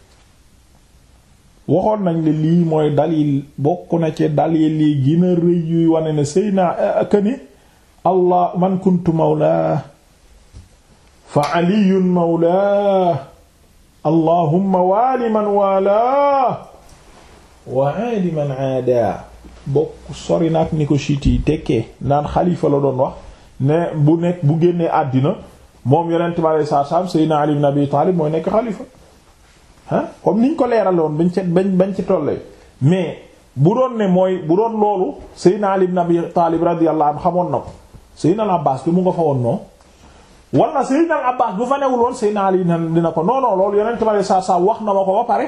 waxoon nañ ne lii mooy dalil bokk ci dalil yi gën a rëy wane ne seydna këni eh, allah man kuntu mawlaa fa aliyun mawlaa allahumma waali man waalaa wa aadi aadaa bokk sori na ni ko chiit yi tekkee naan xalifa la doon wax ne bu nekk bu génnee àddina moom yonent bi alayhi salaatu salaam Seydina Ali ibn Abi Taalib mooy nekk xalifa ah comme niñ ko leeraloon bañ ca bañ bañ ci tollee mais bu doon ne mooy bu doon loolu Seydina Ali ibn Abi Taalib radiyallahu anhu xamoon na ko Seydina Abbaas bi mu nga fa woon noonu wala Seydina al Abbas bu fa dina ko non loolu yonent ma saa saa wax na ma ko ba pare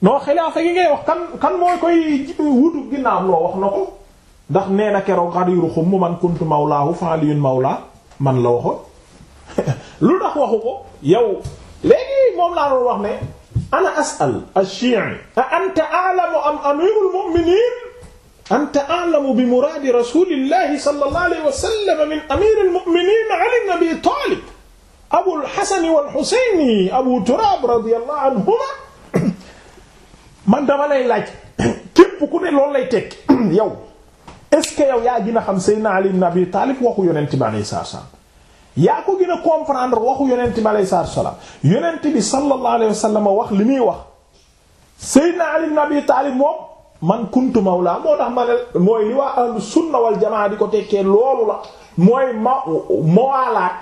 non xilaafa gi ngay wax kan kan mooy koy wutu ginnaaw loo wax na ko ndax nee na keroog xariiru xumm man kuntu mawlaahu fa aliyun mawlaa man la waxoon lu tax waxu ko yow léegi moom laa doon wax ne ana as'al ash-shi'i a anta a'lamu am amirul mu'minin anta a'lamu bi muraadi rasulillahi sallallahu alayhi wa sallam min amiril mu'minin Ali ibn Abi Talib Abul Hasan wal Husayn Abu Turab radiyallahu anhuma man dama lay laaj képp ku ne loolu lay tekki yow est-ce que yow yaa gën a xam Seydina Ali ibn Abi Talib waxu yonent bi alayhi salaam yaa ko gën a comprendre waxu yonent bi alayhi salaam yonent bi sallallahu alayhi wa sallam wax li muy wax Seydina Ali ibn Abi Talib moom. man kuntu mawla moo tax ma ne mooy li waa sunna wal di ko tekkee loolu la mooy ma mawaalaat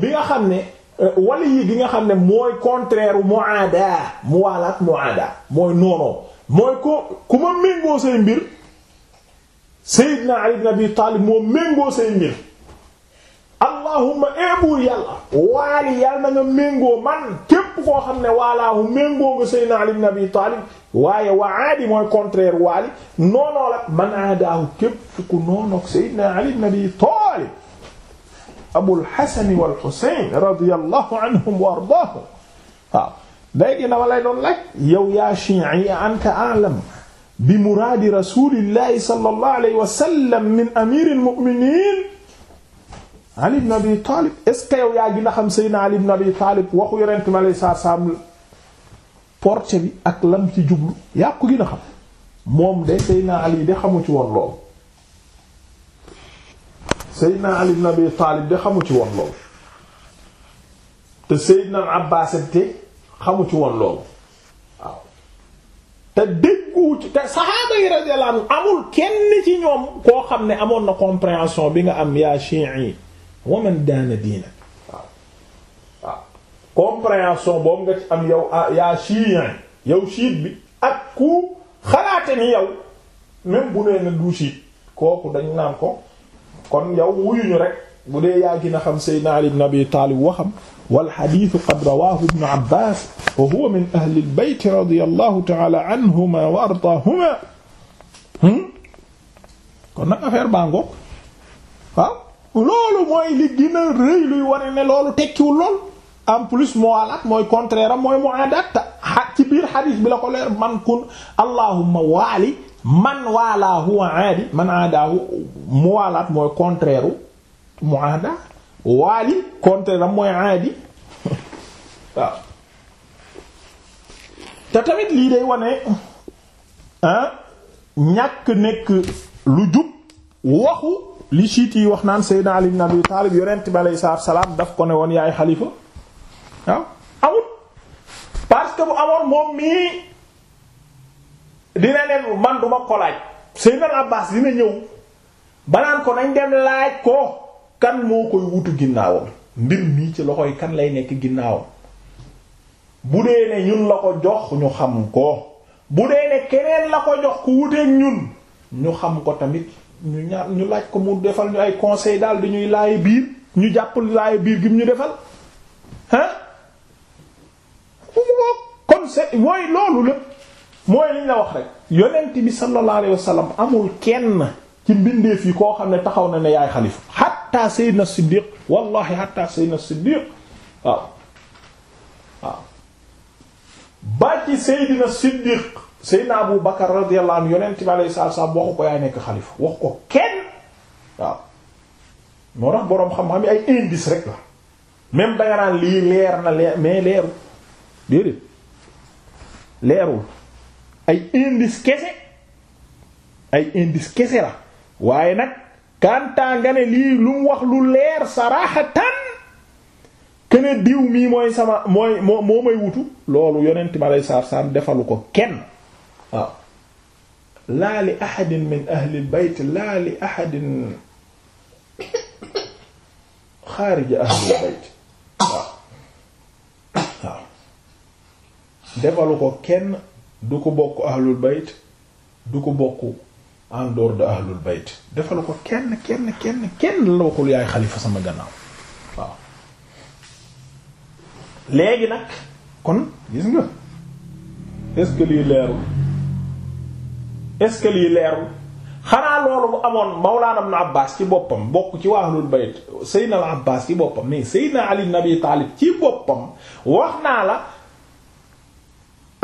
bi nga xam ne eh, wala yi gi nga xam ne mooy contraire muada muwaalaat muada mooy noonoo mooy ko ku ma méngoo say mbir Seydina Ali ibn Abi Taalib moo méngoo say mbir allahumma eebuur eh, yàlla waali yàlla na nga méngoo man képp koo xam ne waalaahu méngoo nga Seydina Ali ibn Abi Taalib waaye waadi mooy contraire waali noonoo la man aadaahu képp ku noonoog Seydina Ali ibn Abi Talib Abul Hasan wal Husayn radiyallahu anhum wa ardaahum waaw léegi dama lay doon laaj yow yaa shii'i anta a'lam bi muraadi rasulillahi sallallahu alayhi wa sallam min amiril mu'minin Ali ibn Abi Talib est ce que yow yaa gën a xam Seydina Ali ibn Abi Talib waxu yonent mi alayhi salaam porte bi ak lam ci jublu yaa ko gën a xam moom de Seydina Ali de xamu ci woon lool Seydina Ali ibn Abi Taalib de xamu ci woon lool te Seydina Abbaas te xamu ci woon lool te déggu te saxaaba yi radiyallahu anhum amul kenn ci ñoom koo xam ne amoon na compréhension bi nga am yaa Shi'i wa man daana diina compréhension boobu nga ci am yow ah, yaa chiien yow bi ak ku xalaate ni yow même bu nee na du chiite kooku dañ naan ko kon yow wuyuñu rek bu dee yaa gën a xam sayyidina Ali ibn Abi Talib waxam wal hadith qad rawahu ibn Abbas wa huwa min hmm? kon nag affaire baa ngoog loolu mooy li gën a rëy luy ne loolu tekkiwul lool en plus muwalaat mooy contraire am mooy muadat ci biir xadis bi la ko leer man kun allahumma waali man waalaahu wa aadi man mooy contraire u muada waali contraire am mooy aadi te tamit lii day wane ñàkk nekk lu jub waxu li siit wax naan Seydina Ali ibn Taalib yonent bi alayhi salaam daf ko ne woon yaay xalifa que bu amoon moom mii dina ne man duma ko laaj Seydina Abbaas dina ñëw banaan ko nañ dem laaj ko kan moo koy wutu ginnaawam mbir mii ci loxoy kan lay nekk ginnaawam bu dee ne ñun la ko jox ñu xam ko bu dee ne keneen la ko jox ku wuteeg ñun ñu xam ko tamit ñu ñaar ñu laaj ko mu defal ñu ay conseil daal di ñuy laaye biir ñu jàpp laaye biir gi mu ñu defal ah kon c'est mooy loolu lépp mooy liñ la wax rek yonent bi sallallahu alayhi amul kenn ci mbindeef yi koo xam ne taxaw na ne yaay xalifa hatta sayyidna Siddiq wallahi hatta sayyidna Siddiq waaw ci sayyidna Siddiq sayyidna Abu Bakar radiyallahu anhu yonent bi alayhi salaam waxu ko yaay nekk xalifa waxu ko kenn waaw moo tax boroom xam-xam yi ay indice rek la même danga naan lii leer na leer mais leeru déedéet leerul ay indice kese ay indice kese la waaye nag kantaa nga lii lu mu wax lu leer sarahatan kene diw mii mooy sama mooy moo moo may wutu loolu yonent ma lay saar defalu ko kenn waaw laa li ahadin min ahli bayt laa li ahadin xaarija ahli bayt defalu ko kenn du ko bokk ahlul bayt du ko bokk en dehors ahlul bayt defalu ko kenn kenn kenn kenn la waxul yaay xalifa sama gannaaw waaw léegi nag kon gis nga est-ce que lii leerul est-ce que lii leerul xanaa loolu bu amoon Mawlaana Ibn Abbaas ci boppam bokk ci waa ahlul bayt Seydina Abbaas ci boppam mais Seydina Ali ibn Abi ci boppam wax naa la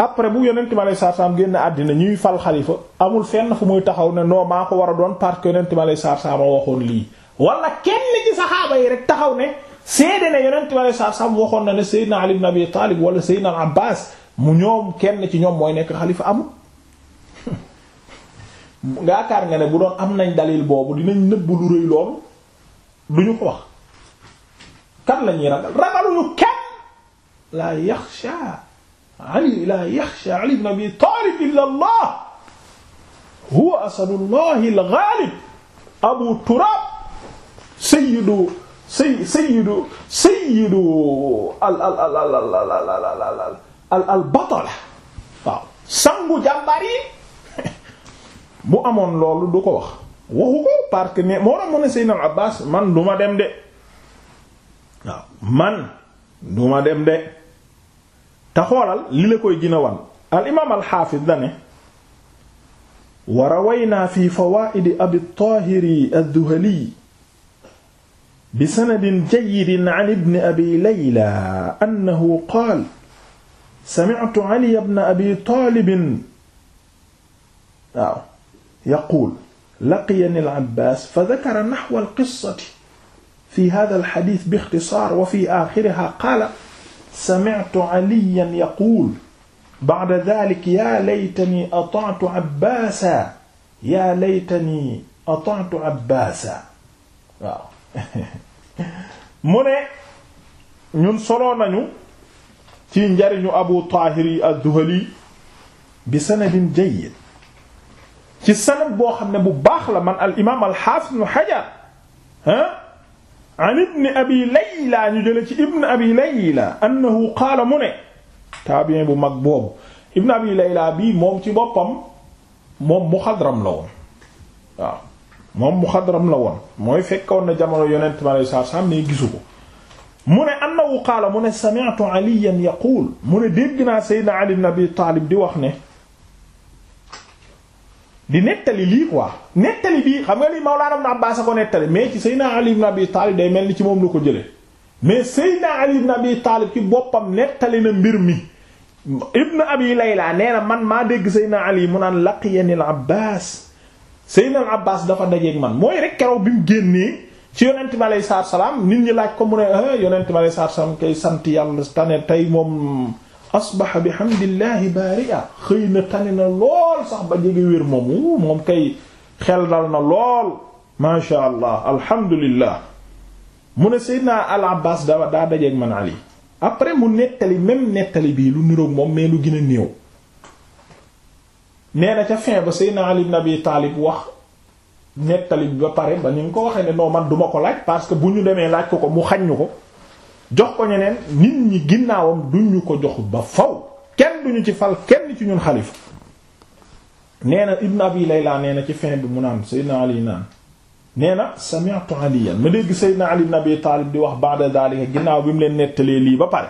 après bu yonent mi aleyhi salaatu salaam génn àddina ñuy fal xalifa amul fenn fu muy taxaw ne noo maa ko war a doon parce que yonent mi aleyhi salaatu salaam waxoon lii wala kenn ci saxaaba yi rek taxaw ne seede ne yonent mi aleyhi salaatu waxoon na ne Seydina Ali ibn Abi Taalib wala Seydina Abbaas mu ñoom kenn ci ñoom mooy nekk xalifa amul ngaakaar nga ne bu doon am nañ dalil boobu dinañ nëbb lu rëy loolu duñu ko wax kan la ñuy ragal kenn la yaxsha Ali la yaxsha Ali ibn Abi Taalib illa Allah huwa asadullahi al-ghaalib Abu Turaab sayyidu sayyidu sayyidu al al al al al al al al al al al batala waaw sangu jàmbaar yi bu amoon loolu du ko wax waxu ko parce que ne moo tax mu ne Seydina Abbaas man du ma dem de waaw man du ma dem de. te xoolal li la koy gën a wan al imaam al xaafis dane wa rawaynaa fi fawaa'idi abi taahiri adduhali bi sanadin jayyidin an ibni abi layla annahu qaal sami'tu ali ibn abi taalibin waaw yaquul laqiyani al abbaas fa dakara naxwa al qissati fi haadha al xadiis bi ixtisaar wa fi aaxirihaa qaala sami'tu aliyan yaquul ba'da dhaalika yaa laytanii ata'tu abbaasan yaa laytanii ata'tu abbaasan waaw mu ne ñun solo nañu ci njariñu abu taahir yi ad-Duhali bi sanadin jayyid ci sanad boo xam ne bu baax la man al imaam al-Haafiz ibn Hajar ha an ibni abi layla ñu jële ci ibn abi layla annahu qaala mu ne taabien bu mag boobu ibn abi layla bii moom ci boppam moom muxadram la woon waaw moom muxadram la woon mooy fekkoon na jamono yonent mi alei satu salaam ne gisu ko mu ne annahu qaala mu ne sami'tu aliyan yaquul mu ne dégg naa sayyidina ali ibn abi taalib di wax ne di nettali lii quoi nettali bii xam nga lii Mawlaana Ibn Abbaas a ko nettali mais ci Seydina Ali ibn Abi Taalib day mel ni ci moom la ko jëlee mais Seydina Ali ibn Abi Taalib ci boppam nettali na mbir mi Ibn Abi Layla nee na man maa dégg Seydina Ali mu naan laqiyani al-Abbaas Seydina al-Abbaas dafa dajeeg man mooy rek keroog bi mu génnee ci yonent bi alayhi salaam nit ñi laaj ko mu ne eh, yonent bi alayhi salaam kay sant yàlla tane tey moom. asbaha bi hamdillahi baari'a xëy na tane na lool sax ba jege wér moom moom kay xel dal na lool maasha allah alhamdulillah mu ne Seydina al Abbas daa daa dajeeg man Ali après mu nettali même nettali bii lu niroog moom mais lu gën a néew nee na ca fin ba Seydina Ali ibn Abi Taalib wax nettali bi ba pare ba ni nga ko waxee ne non man duma ko laaj parce que bu ñu demee laaj ko ko mu xañ ñu ko jox ko ñeneen nit ñi ginnaawam duñu ko jox ba faw kenn duñu ci fal kenn ci ñun xalifa nee na ibn abi layla nee na ci fin bi mu naan sayyidina ali naan nee na sami'tu aliyan ma dégg sayyidina ali ibn di wax ba'da daalika ginnaaw bi mu leen nettalee lii ba pare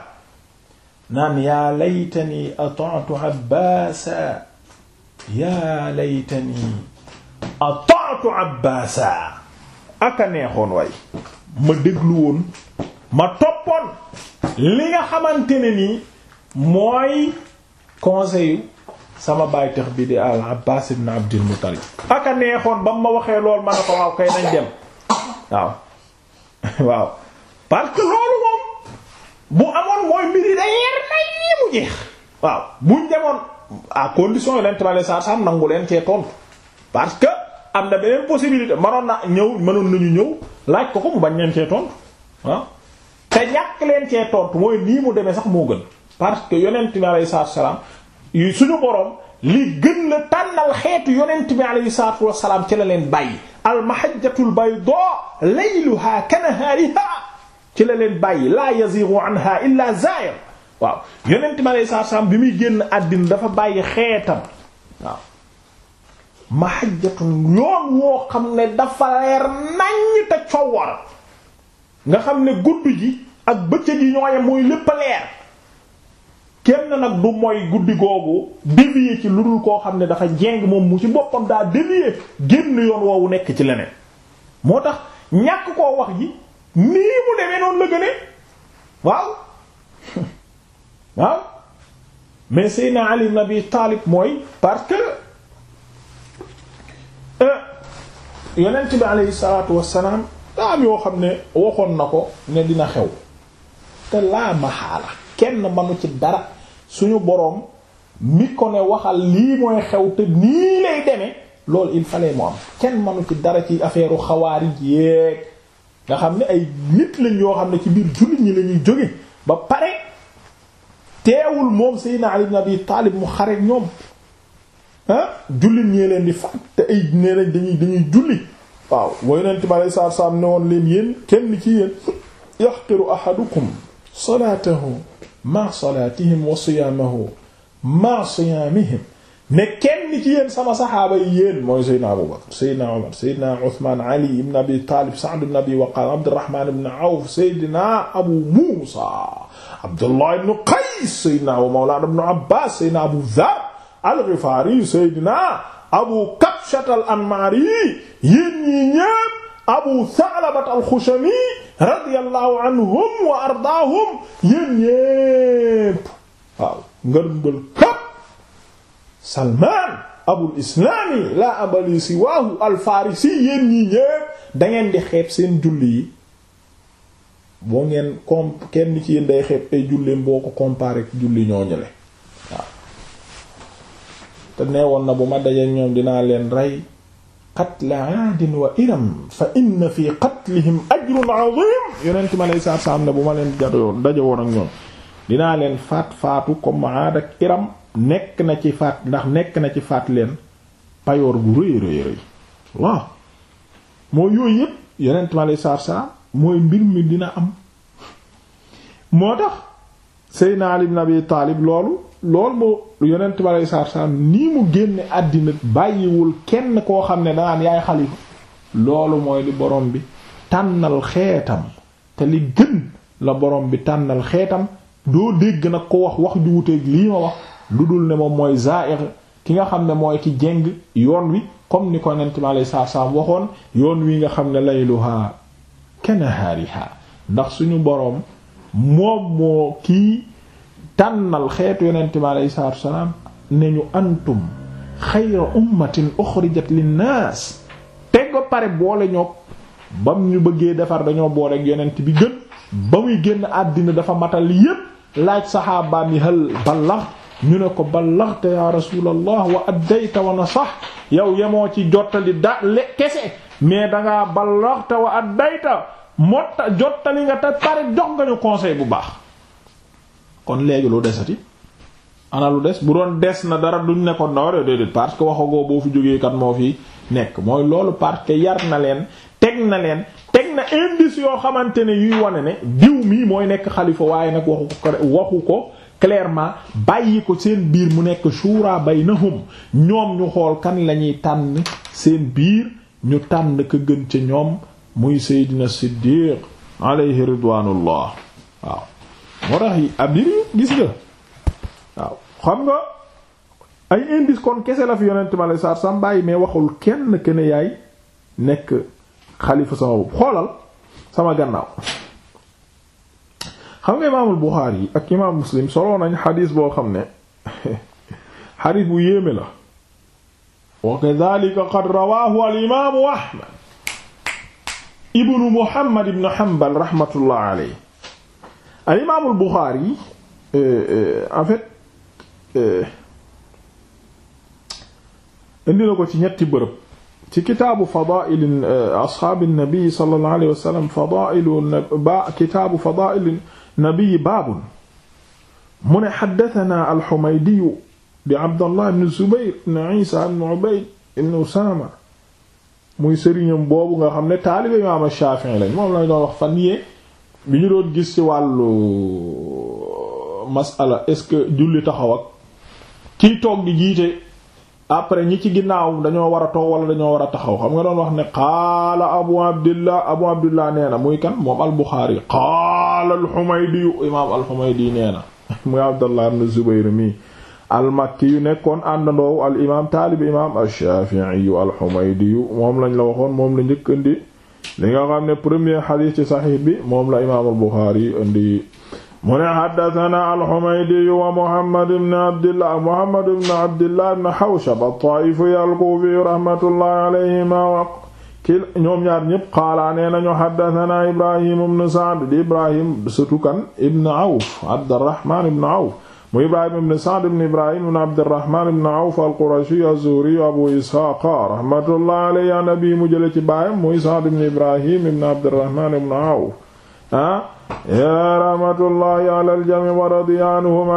naan yaa laytani ata'tu abbaasa yaa laytani ata'tu abbaasa aka neexoon way ma déglu woon ma toppoon li nga xamante ne nii mooy conseil sama baay tax bi di al Abbaas ibn Muttalib ak a neexoon ba mu ma waxee lool ma ne ko waaw kay nañ dem waaw waaw parce que loolu moom bu amoon mooy mbiri day yer nañi mu jeex waaw buñ demoon à condition yo leen tabale sar sam nangu leen cee tontu parce que am na beneen possibilité manoon na ñëw mënoon nañu ñëw laaj ko ko mu bañ leen cee tontu waaw te ñàkk leen cee tontu mooy nii mu demee sax moo gën parce que yonent mi alayhi salaatu suñu borom li gën la tànnal xeetu yonent bi alayhi ci la leen bàyyi. al mahajjatul bayda layluha kanahaariha ci la leen bàyyi la yazighu anha illa zayr waaw yonent bi alayhi bi muy génn àddina dafa bàyyi xeetam waaw. mahajjatun yoon woo xam ne dafa leer naññ te coowar. nga xam ne gudd ji ak bëccëg yi ñoo yem mooy lépp a leer kenn nag du mooy guddi googu dévier ci lu dul koo xam ne dafa jeng moom mu ci boppam daa dévier génn yoon woowu nekk ci leneen moo tax ñàkk koo wax ji nii mu demee noonu la waaw waaw mais Seydina Ali ibn Abi mooy parce que euh, yonent bi aleyhi salaatu wassalaam daa am yoo xam ne waxoon na ko ne dina xew te laa maxaala kenn manu ci dara suñu boroom mi ko ne waxal lii mooy xew te nii lay demee loolu il fallait mu am kenn manu ci dara ci affaire xawaari yeeg nga xam ne ay nit lañ yoo xam ne ci biir jullit ñi lañuy ñuy jóge ba pare teewul moom Seydina Ali ibn Abi Taalib mu xare ñoom ah jullit ñee leen di faat te ay nee nañ dañuy dañuy julli waaw booy nent bi alei saatu salaam ne woon leen yéen kenn ci yéen yaxqiru ahadukum salaatahu ma salaatihim wa siyaamahu ma siyaamihim ne kenn ci yéen sama saxaaba yi yéen mooy Seydina Abu Bakr Seydina Umar Seydina Uthman Ali ibn Abi Talib Sa'd ibn Abi Waqqas Abdurrahman ibn Awf Seydina Abu Musa Abdullah ibn Qays Seydina wa Mawlana ibn Abbas Seydina Abu Dharr al-Ghifari Seydina abu kabshat al anmaari yéen ñi ñépp abu thalabat al xushami radiyallahu anhum wa ardaahum yéen ñépp waaw ngërmbal kap salman abul islaami la abali siwaahu al farisi yéen ñi ñépp dangeen di xeeb seen julli yi boo ngeen comp kenn ci yéen day xeeb ay julleem boo ko comparé julli ñooñu le waaw te neewoon na bu ma dajee ñoom dinaa leen rey qatla aadin wa iram fa inna fi qatlihim ajrun azim yonent ma lay saat ne bu ma leen jadoon daje woon ak ñoom dinaa leen faat faatu comme aad ak iram nekk na ci faat ndax nekk na ci faat leen payoor bu rëy rëy rëy waaw moo yooyu yëpp yonent ma lay saat mooy mbir mi dina am moo tax Seydina Ali ibn Abi Taalib loolu lool moo yonent bi aleyhi salaatu salaam mu génne àddina bàyyiwul kenn koo xam ne danaan yaay xalifa loolu mooy li borom bi tànnal xeetam te li gën la borom bi tànnal xeetam doo dégg nag ko wax wax ju wuteeg lii ma wax lu dul ne moom mooy zaa'ir ki nga xam ne mooy ki jeng yoon wi comme ni ko yonent bi aleyhi salaatu waxoon yoon wi nga xam ne layluhaa kanahaarihaa ndax suñu boroom moom moo kii tànnal xeetu yonente bi alayhi salaatu wasalaam ne ñu antum xayra ummatin uxrijat linnaas teg ba pare boole ñoo bam ñu bëggee defar dañoo boole ak yonent bi gën ba muy génn àddina dafa matal yépp laaj saxaabaam yi hal ballax ñu ne ko ballaxta ya rasulallah wa addayta wa nasax yow yemoo ci jottali da le kese mais dangaa te wa addayta motta jottali nga te pare jox nga ñu conseil bu baax kon léegi lu desati ana lu des bu doon des na dara duñ ne ko noore déedéet parce que waxagoo boo fi jógee moo fi nekk mooy loolu parce que yar na leen teg na leen teg na indice yoo xamante ne yuy wane ne diw mii mooy nekk xalifa waaye nag waxu ko waxu ko clairement bàyyi ko seen biir mu nekk shura baynahum ñoom ñu xool kan la tànn seen biir ñu tànn ka gën ca ñoom muy Seydina Siddiq alayhi ridwaanullah waaw moo tax ab nga waaw xam nga ay indice kon kese la fi yonent ma lay saar sam bàyyi mais waxul kenn kenn yaay nekk xalifa sama bopp xoolal sama gannaaw xam nga imaamul Buxaari ak imaam Muslim soloo nañ xadiis boo xam ne xadiis bu yéeme la wa kadhalika qad rawahu al imaamu ibnu muhammad ibnu hanbal rahmatullah aley al imaamul buxaari euh, euh, en fait euh, indi na ko ci ñetti bërëb ci kitaabu fadaa'il ashaabi nabi sallallahu alayhi wa sallam fadaa'ilu kitaabu fadaa'il nabi baabun mu ne haddathanaa al-Humaydi di Abdallah ibn Zubayr ibn Iisa ibn Ubayd ibn Usaama muy sëriñam boobu nga xam ne taalibe imaam Shafi'i lañ moom lañ doon wax fan yee bi ñu doon gis ci wàllu euh, masala est-ce que julli taxaw kii kiy toog di jiite après ñi ci ginnaaw dañoo war a toog wala dañoo war a taxaw xam nga doon wax ne qaala abu abdillah abu abdillah nee na muy kan moom al-Bukhari qaala al-Humaydi imaam al-Humaydi nee na muy Abdallah ibn Zubayr mi almakki yu nekkoon àndandoowu al imaam taalib imaam ash-Shafi'i al-Humaydi moom lañ la waxoon moom la njëkk indi li nga xam ne premier xadiis ci saxiix bi moom la imaam al indi mu ne haddasanaa al wa Muhammad ibn Abdillah Muhammad ibn Abdillah ibn Hawshab at-Taa'ifi al-Kuufi ñoom ñaar ñëpp qaala nee nañu haddasanaa Ibrahim ibn Sa'd di Ibrahim surtout ibn Awf Abdurrahmaan ibn Awf mu ibrahima ibn Sa'd ibn ibrahim ibn Abdurrahman ibn Awf al-Qurashi az-Zuhri abu Ishaq rahmatullah alayhi an abi mu jële ci baayam muy Sa'd ibn ibrahim ibn Abdurrahman ibn Awf ah rahmatullah ala al-jami' wa radiya anhum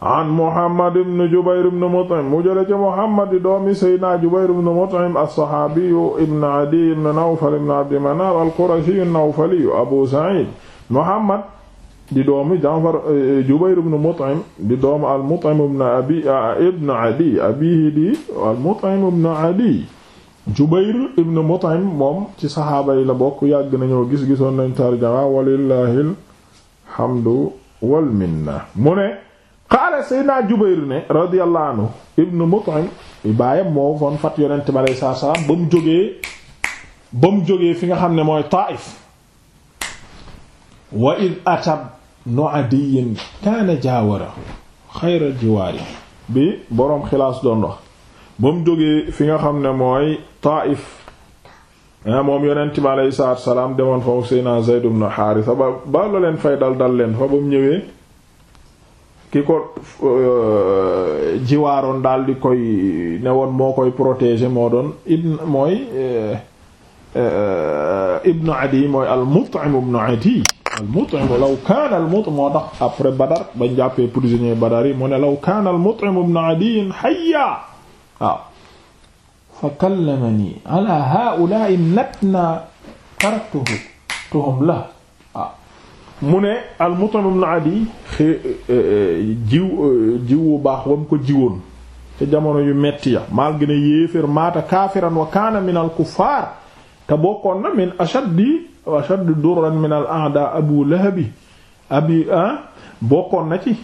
an Muhammad ibn Jubayr ibn Mut'im mu jële ci Muhammad doomi Seydina Jubayr ibn Mut'im as-sahabi ibn Adi ibn Nawfal ibn Abd Manaf al-Qurashi an-Nawfali Abu Sa'id Muhammad di doomu Ja'far eh, eh, Jubayr ibn Mut'im di doomu al-Mut'im ibn Abi ah, ah, ibn Adi al-Mut'im ibn Adi Jubayr ibn Mut'im moom ci saxaaba la bokk yàgg nañoo gis gisoon nañ tarjama walillahi alhamdu wal minna mu ne qaala Seydina Jubayr ne radiyallahu anhu ibn Mut'im baayam moo foon fat yonent bi salaam ba mu jógee mu jógee fi nga xam ne mooy Taif wa id atab nu adiyin kaana jaawarahu xayra jiwaari bi boroom xilaas doon wax ba mu jógee fi nga xam ne mooy Taif eh, moom yonent bi aleyhi demoon foofu Seydina Zayd ibn Haarisa ba ba leen fay dal dal leen fa ba mu ñëwee ki ko eh, jiwaaroon daal di koy ne woon moo koy protéger moo doon ibn mooy eh, ibnu Adiy mooy al-Mut'im ibnu Adiy al-mut'im law kaana al-mut'im moo après Badar bañ jàppee prisonnier Badar yi mu ne law kaana al-mut'im ibn Adiy ala haa'ulaa'i natnaa qaratuhum lahu waaw mu ne al-mut'im ibn Adiy eh, eh, jiw eh, jiw bu baax ba ko jiwoon ca jamono yu metti ya malgré yéefér maata kaafiran min al-kuffaar min ashaddi wa shadd durran min al a'da abu lahabi abi bokkoon na ci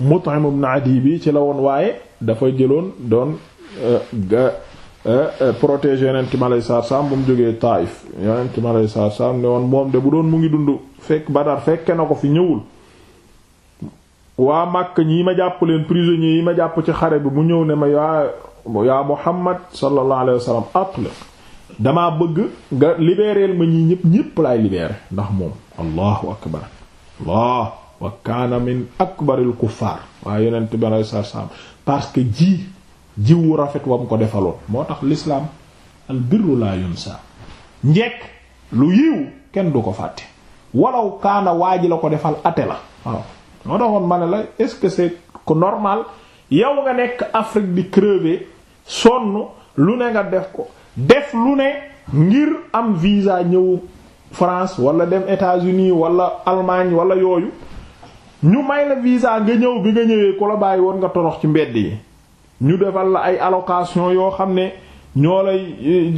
Mut'im ibn Adi bi ci la woon waaye dafa jëloon doon eh, ga eh, eh, protéger yonent mi alayhi salaatu salaam mu jógee Taif yonent mi alayhi salaatu salaam ne woon moom de bu doon mu ngi dund fekk Badar fekke na ko fi ñëwul waa Makka ñi ma jàpp leen prisonniers yi ma jàpp ci xare bi mu ñëw ne ma yaa yaa Muhammad sallallahu alayhi wa sallam damaa bëgg nga libérer ma ñi ñëpp ñëpp laay libérer ndax moom allahu akbar allah wa kaana min akbaril kuffar waaye yonent bi alei parce que ji jiwu rafet wam ko defaloon moo tax l'islam al birru la yunsa njekk lu yiw kenn du ko fàtte walaw kaana waa ji la ko defal ate la waaw moo taxoon ma ne la est-ce que c'est yow nga nekk Afrique di crever sonn lu ne nga def ko def lu ne ngir am visa ñëw France wala dem États-Unis wala Allemagne wala yooyu ñu may la visa nga ñëw bi nga ñëwee ku la bàyyi woon nga torox ci mbedd yi ñu defal la ay allocation yoo xam ne ñoo lay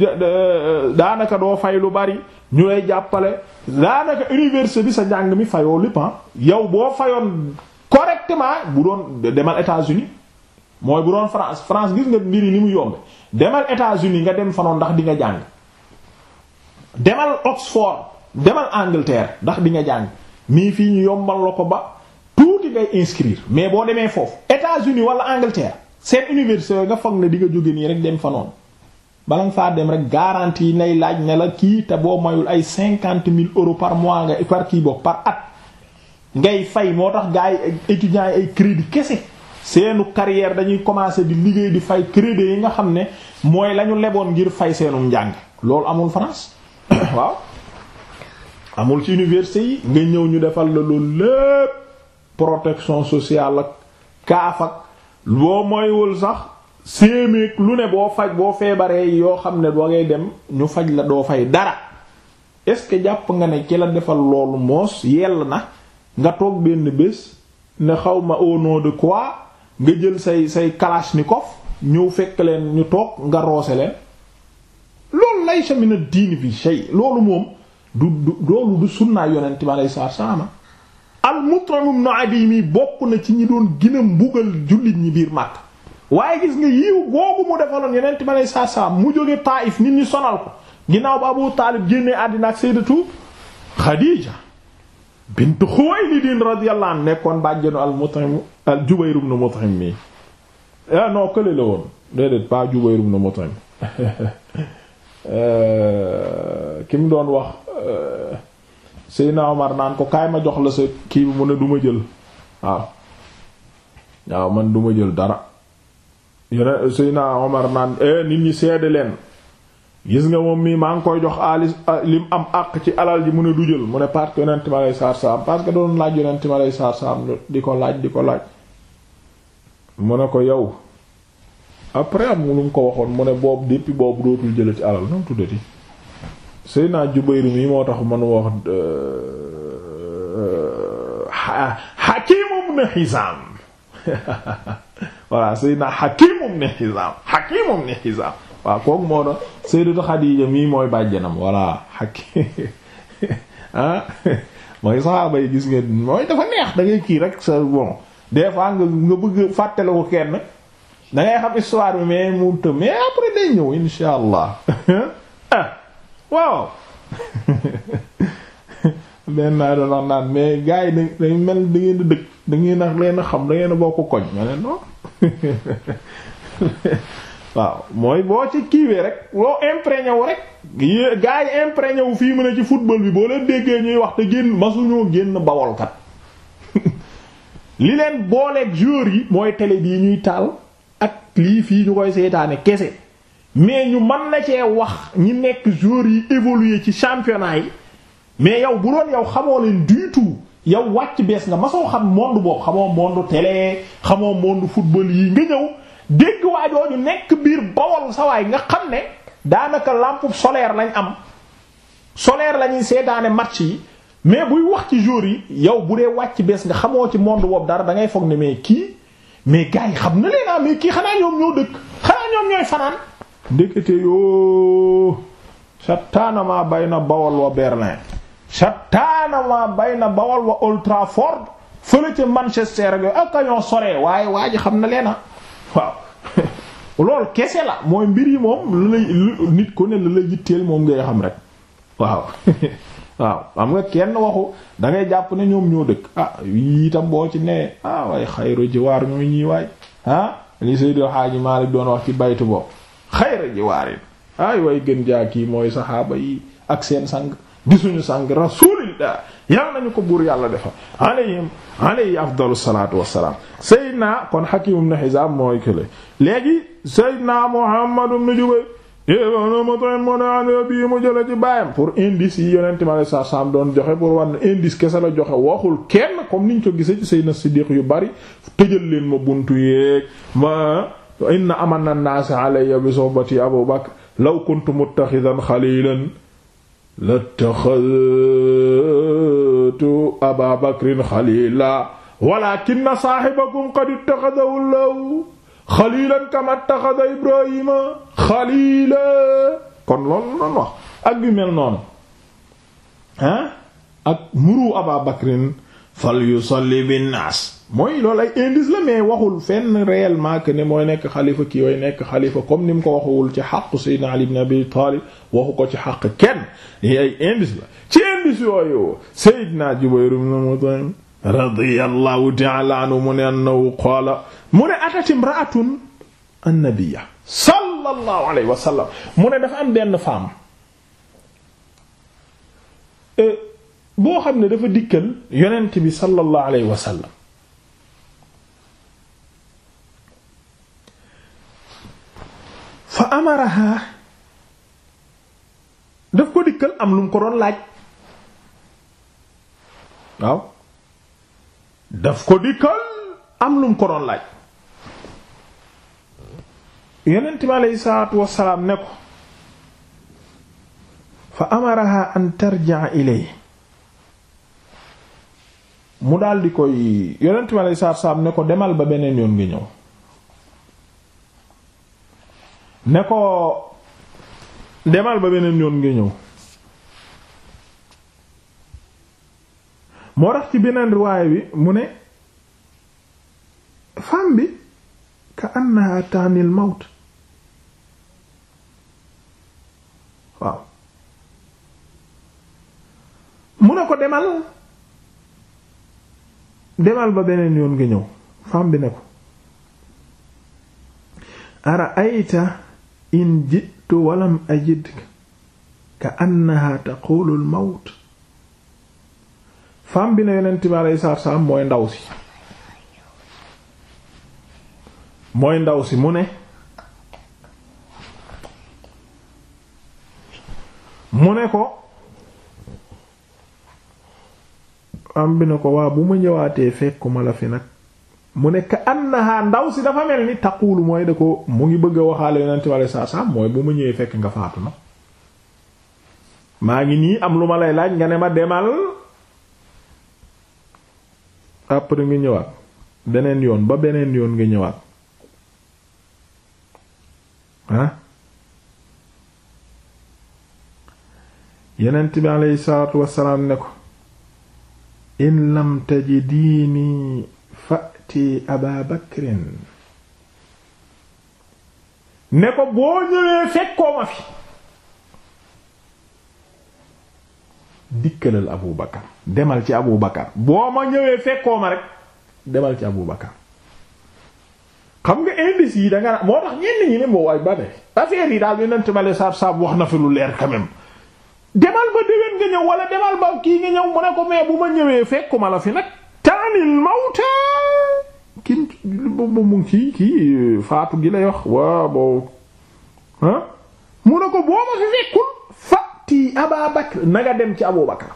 daanaka doo fay lu bari ñu lay jàppale daanaka université bi sa njàng mi fayoo lépp ah. yow boo fayoon correctement bu doon demal États-Unis mooy bu doon France France gis nga mbir yi ni mu yombe demal États-Unis nga dem fanoon ndax di nga jàng demal Oxford demal Angleterre ndax di nga jàng mii fii ñu yombal la ko ba tuuti ngay inscrire mais boo demee foofu États-Unis wala Angleterre seen université nga foog ne di nga jóge nii rek dem fanoon bala nga faa dem rek garantie yi nay laaj ne la kii te boo mayul ay cinquante mille euros par mois nga par kii bokk par at ngay fay moo tax gars yi étudiants yi ay crédit kese seenu carrière dañuy commencer di liggéey di fay crédit yi nga xam ne mooy lañu leboon ngir fay seenum njàng loolu amul France waaw amul ci université yi nga ñëw ñu defal la loolu lépp protection sociale ak kaaf ak boo moywul sax séeméeg lu ne boo faj boo feebaree yoo xam ne boo ngay dem ñu faj la doo fay dara est-ce que jàpp nga ne ki la defal loolu moos yell na nga toog benn bés ne xawma au nom de quoi nga jël say say kalachnikov ñëw fekk leen ñu toog nga roose leen loolu lay samina diini bi shay loolu moom du du loolu du sunnaa yonent bi alei saatu salaama al mutramum no adi bokk na ci ñi doon gën a mbugal jullit ñi biir màkk waaye gis nga yiiw googu mu defaloon yonent bi alei saatu salaam mu jóge Taayif nit ñi sonal ko ginnaaw ba Abu Taalib génnee àddina ak Sayyidatu Xadiija bintu Xuwaylid radiyallahu anha nekkoon bàjjenu al Mut'im al Jubayr ibn Mut'im mi ah non kële la woon déedéet pas Jubayr ibn Mut'im euh, ki mu doon wax euh, Seydina Omar naan ko kaay ma jox la sa kii bi mu ne du ma jël waaw waaw man du ma jël dara yene Seydina Omar naan eh nit ñi seede leen. gis nga moom mii maa ngi koy jox aalis ah, lim am àq ci alal ji mu ne du jël mu ne parce que yonent ma lay saar saam parce que doon laaj yonent ma lay saar saam di ko laaj di ko laaj mu ne ko yow après am lu mu ko waxoon mu ne boobu depuis boobu dootul jëlati alal nu mu tuddati Seydina Jubayr mii moo tax man wax euh, Hakim ibn Hizam voilà Seydina Hakim ibn Hizam Hakim ibn Hizam waaw kook moo doon Sayyidatu Xadiija mii mooy bàjjanam voilà xakk ah mooy saxaaba yi gis ngeen mooy dafa neex da kii rek sa bon des fois nga nga bëgg fàttale ko kenn da ngay xam histoire bi mais mu tëm mais après day ñëw insha allah ah, waaw benn naa doon wax naan mais gars yi mel da ngeen dëkk da ngeen leen xam da ngeen bokk koñ ma ne waaw mooy boo ci kiiwee rek loo imprégné wu rek gars yi imprégné wu fii mu ne ci football bi boo leen déggee ñuy wax te génn masuñoo génn bawolkat li leen booleeg joueurs yi mooy télé bii ñuy taal ak lii fii ñu koy seetaane kese mais ñu mën na cee wax ñi nekk joueurs yi évoluer ci championnat yi mais yow bu doon yow xamoo leen du tout yow wàcc bees nga masoo xam monde boobu xamoo monde télé xamoo monde football yi nga ñëw dégg waajooju nekk biir bawol sawaay nga xam ne daanaka lampe solaire lañ am solaire lañuy ñuy seetaane match yi mais buy wax ci jour yi yow bu dee wàcc bees nga xamoo ci monde boobu dara dangay foog ne mais kii mais gars yi xam na leen ah, mais kii xanaa ñoom ñoo dëkk xanaa ñoom ñooy fanaan ndekete yoo shattaana ma bayna bawol wa Berlin shattaana ma bayna bawol wa Old fële ca Manchester ak yooyu ñoo soree waaye waa ji xam na leen ah waaw loolu kese la mooy mbir yi moom la lay nit ku ne la lay yitteel moom ngay xam rek waaw waaw xam nga kenn waxu dangay jàpp ne ñoom ñoo dëkk ah itam boo ci nee ah waaye xayru jiwaar ñooy ñii waay ah li Seydou Hadji Malick doon wax ci baytu boobu xayru jiwaar yi ay way gën jaak yi mooy saxaaba yi ak seen sang gisuñu sang rasulillah yal nañu ko buur yàlla defal alayhim alayhi afdalu salaatu wassalaam sayyidina kon Hakim na Hizam mooy kële léegi sayyidina Muhammad ibn Jubayr ibn Mut'im mu ne an abiihi mu jële ci baayam pour indice yi yonente mi alei sat salaam doon joxe pour war na kese la joxe waxul kenn comme niñ ko gise ci sayyidina Siddiq yu bari tëjal leen ma buntu yeeg ma inna amanna naasa alayya bi sohbati Abu Bakr law kuntu muttaxidan xalilan lattaxadtu aba bakrin xalila walakinna saaxibakum qad ittaxadahu llahu xalilan kama ittaxada ibrahima xalila kon loolu noonu wax ak bi mel noonu ah ak muru aba bakrin fal yusalli binnaas mooy loolu ay indice la mais waxul fenn réellement que ne mooy nekk xalifa ki nekk xalifa comme ni mu ko waxuwul ci xàqu Seydina Ali ibn Abi Talib waxu ko ci xàq kenn yi ay indice la ci indice yooyu Seydina Jubayr ibn Mut'im radiyallahu ta'ala anhu mu ne annahu qaala mu ne atat imra'atun annabiyya sallallahu alayhi ne dafa am benn femme euh, boo xam ne dafa dikkal yonent bi sallallahu alayhi wa sallam fa amaraha daf ko dikkal am lu ko doon laaj waaw daf ko dikkal am lum mu ko doon laaj yonent bi aleyhi salaatu wassalaam ne ko fa amaraha an tarjaa ilay mu daal di koy yonent bi aleyhi salaatu ne ko demal ba beneen yoon ngi ñëw ne ko demal ba beneen yoon ngi ñëw moo tax ci beneen riwaay bi mu ne femme bi ka annaha tanil maut waaw mu ne ko demal demal ba beneen yoon ngi ñëw femme bi ne ko ara ayta in jitu walam ajidka ka annaha taqulu mawt femme bi na yonent bi alayhi salaatu mooy ndaw si mooy ndaw si mu ne mu ne ko am bi ne ko waa bu ma ñëwaatee fekkuma la fi nag mu nekk annaha ndaw si dafa mel ni taqulu mooy da ko mu ngi bëgg a waxaale yonent bi alayhi salaam mooy bu mu ñëwee fekk nga faatu na maa ngi nii am lu ma lay laaj nga ne ma demal après nga ñëwaat beneen yoon ba beneen yoon nga ñëwaat ah yonent bi alayhi saa wassalaam ne ko in ji tajidini fa ati aba bakrin ne ko boo ñëwee fekkoo ma fi dikkalal abu demal ci abu bakar boo ma ñëwee fekkoo ma rek demal ci abu bakar xam nga indice yi danga moo tax ñenn ñi ne moo waay ba ne affaire yi daal yonent ma le saab-saab wax na fi lu leer quand même demal ba déwén nga ñëw wala demal ba kii nga ñëw mu ne ko mais bu ma ñëwee fekkuma la fi nag taanil mawta kin mu kii kii euh, faatu gi lay wax waa boobu ah mu ne ko boo ma fi fekkul fàtti Abaa Bakr na nga dem ci Abu Bakr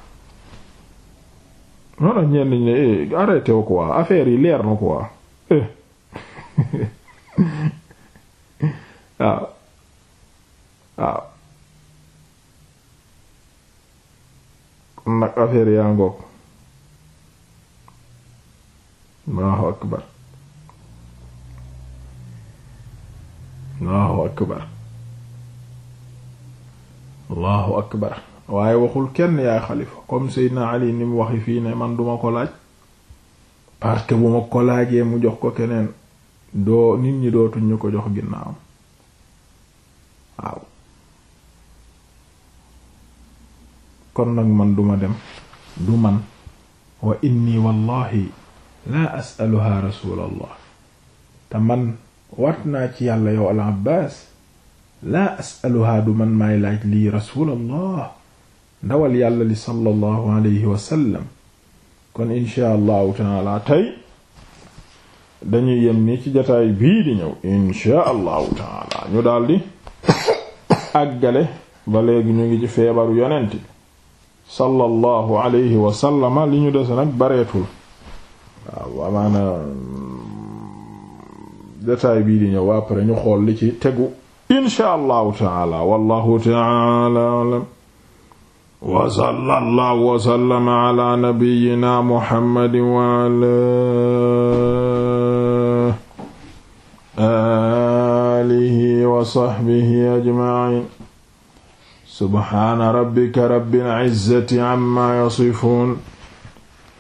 non non ñenn ñi ne eh, arrêté wu quoi yi leer na quoi allahu akbar allahu akbar waaye waxul kenn yaay xalifa comme Seydina Ali ni mu waxi fii ne man duma ko laaj parce que bu ma ko laajee mu jox ko keneen doo nit ñi dootuñ ñu ko jox ginnaawam waaw kon nag man duma dem du man wa inni wallahi la asaluha rasulallah te man wat naa ci yàlla yow al abbaas laa asaluhaa du man maay laaj lii rasuulallah ndawal yàlla li sallallahu alayhi wa kon inshaa allahu taala tey dañuy yem ni ci jataay bii di ñëw inshaa allahu taala ñu daldi àggale ba léegi ñu ngi ci feebaru yonent bi li ñu des nag bareetul dataay bii di ñëw après ñu xool li ci tegu insha allahu taala wallahu taala alam wa sallallahu wa sallama ala nabiyyina muhammadin wa ala alihi wa sahbihi ajma'in subhana rabbika rabbil izzati amma yasifun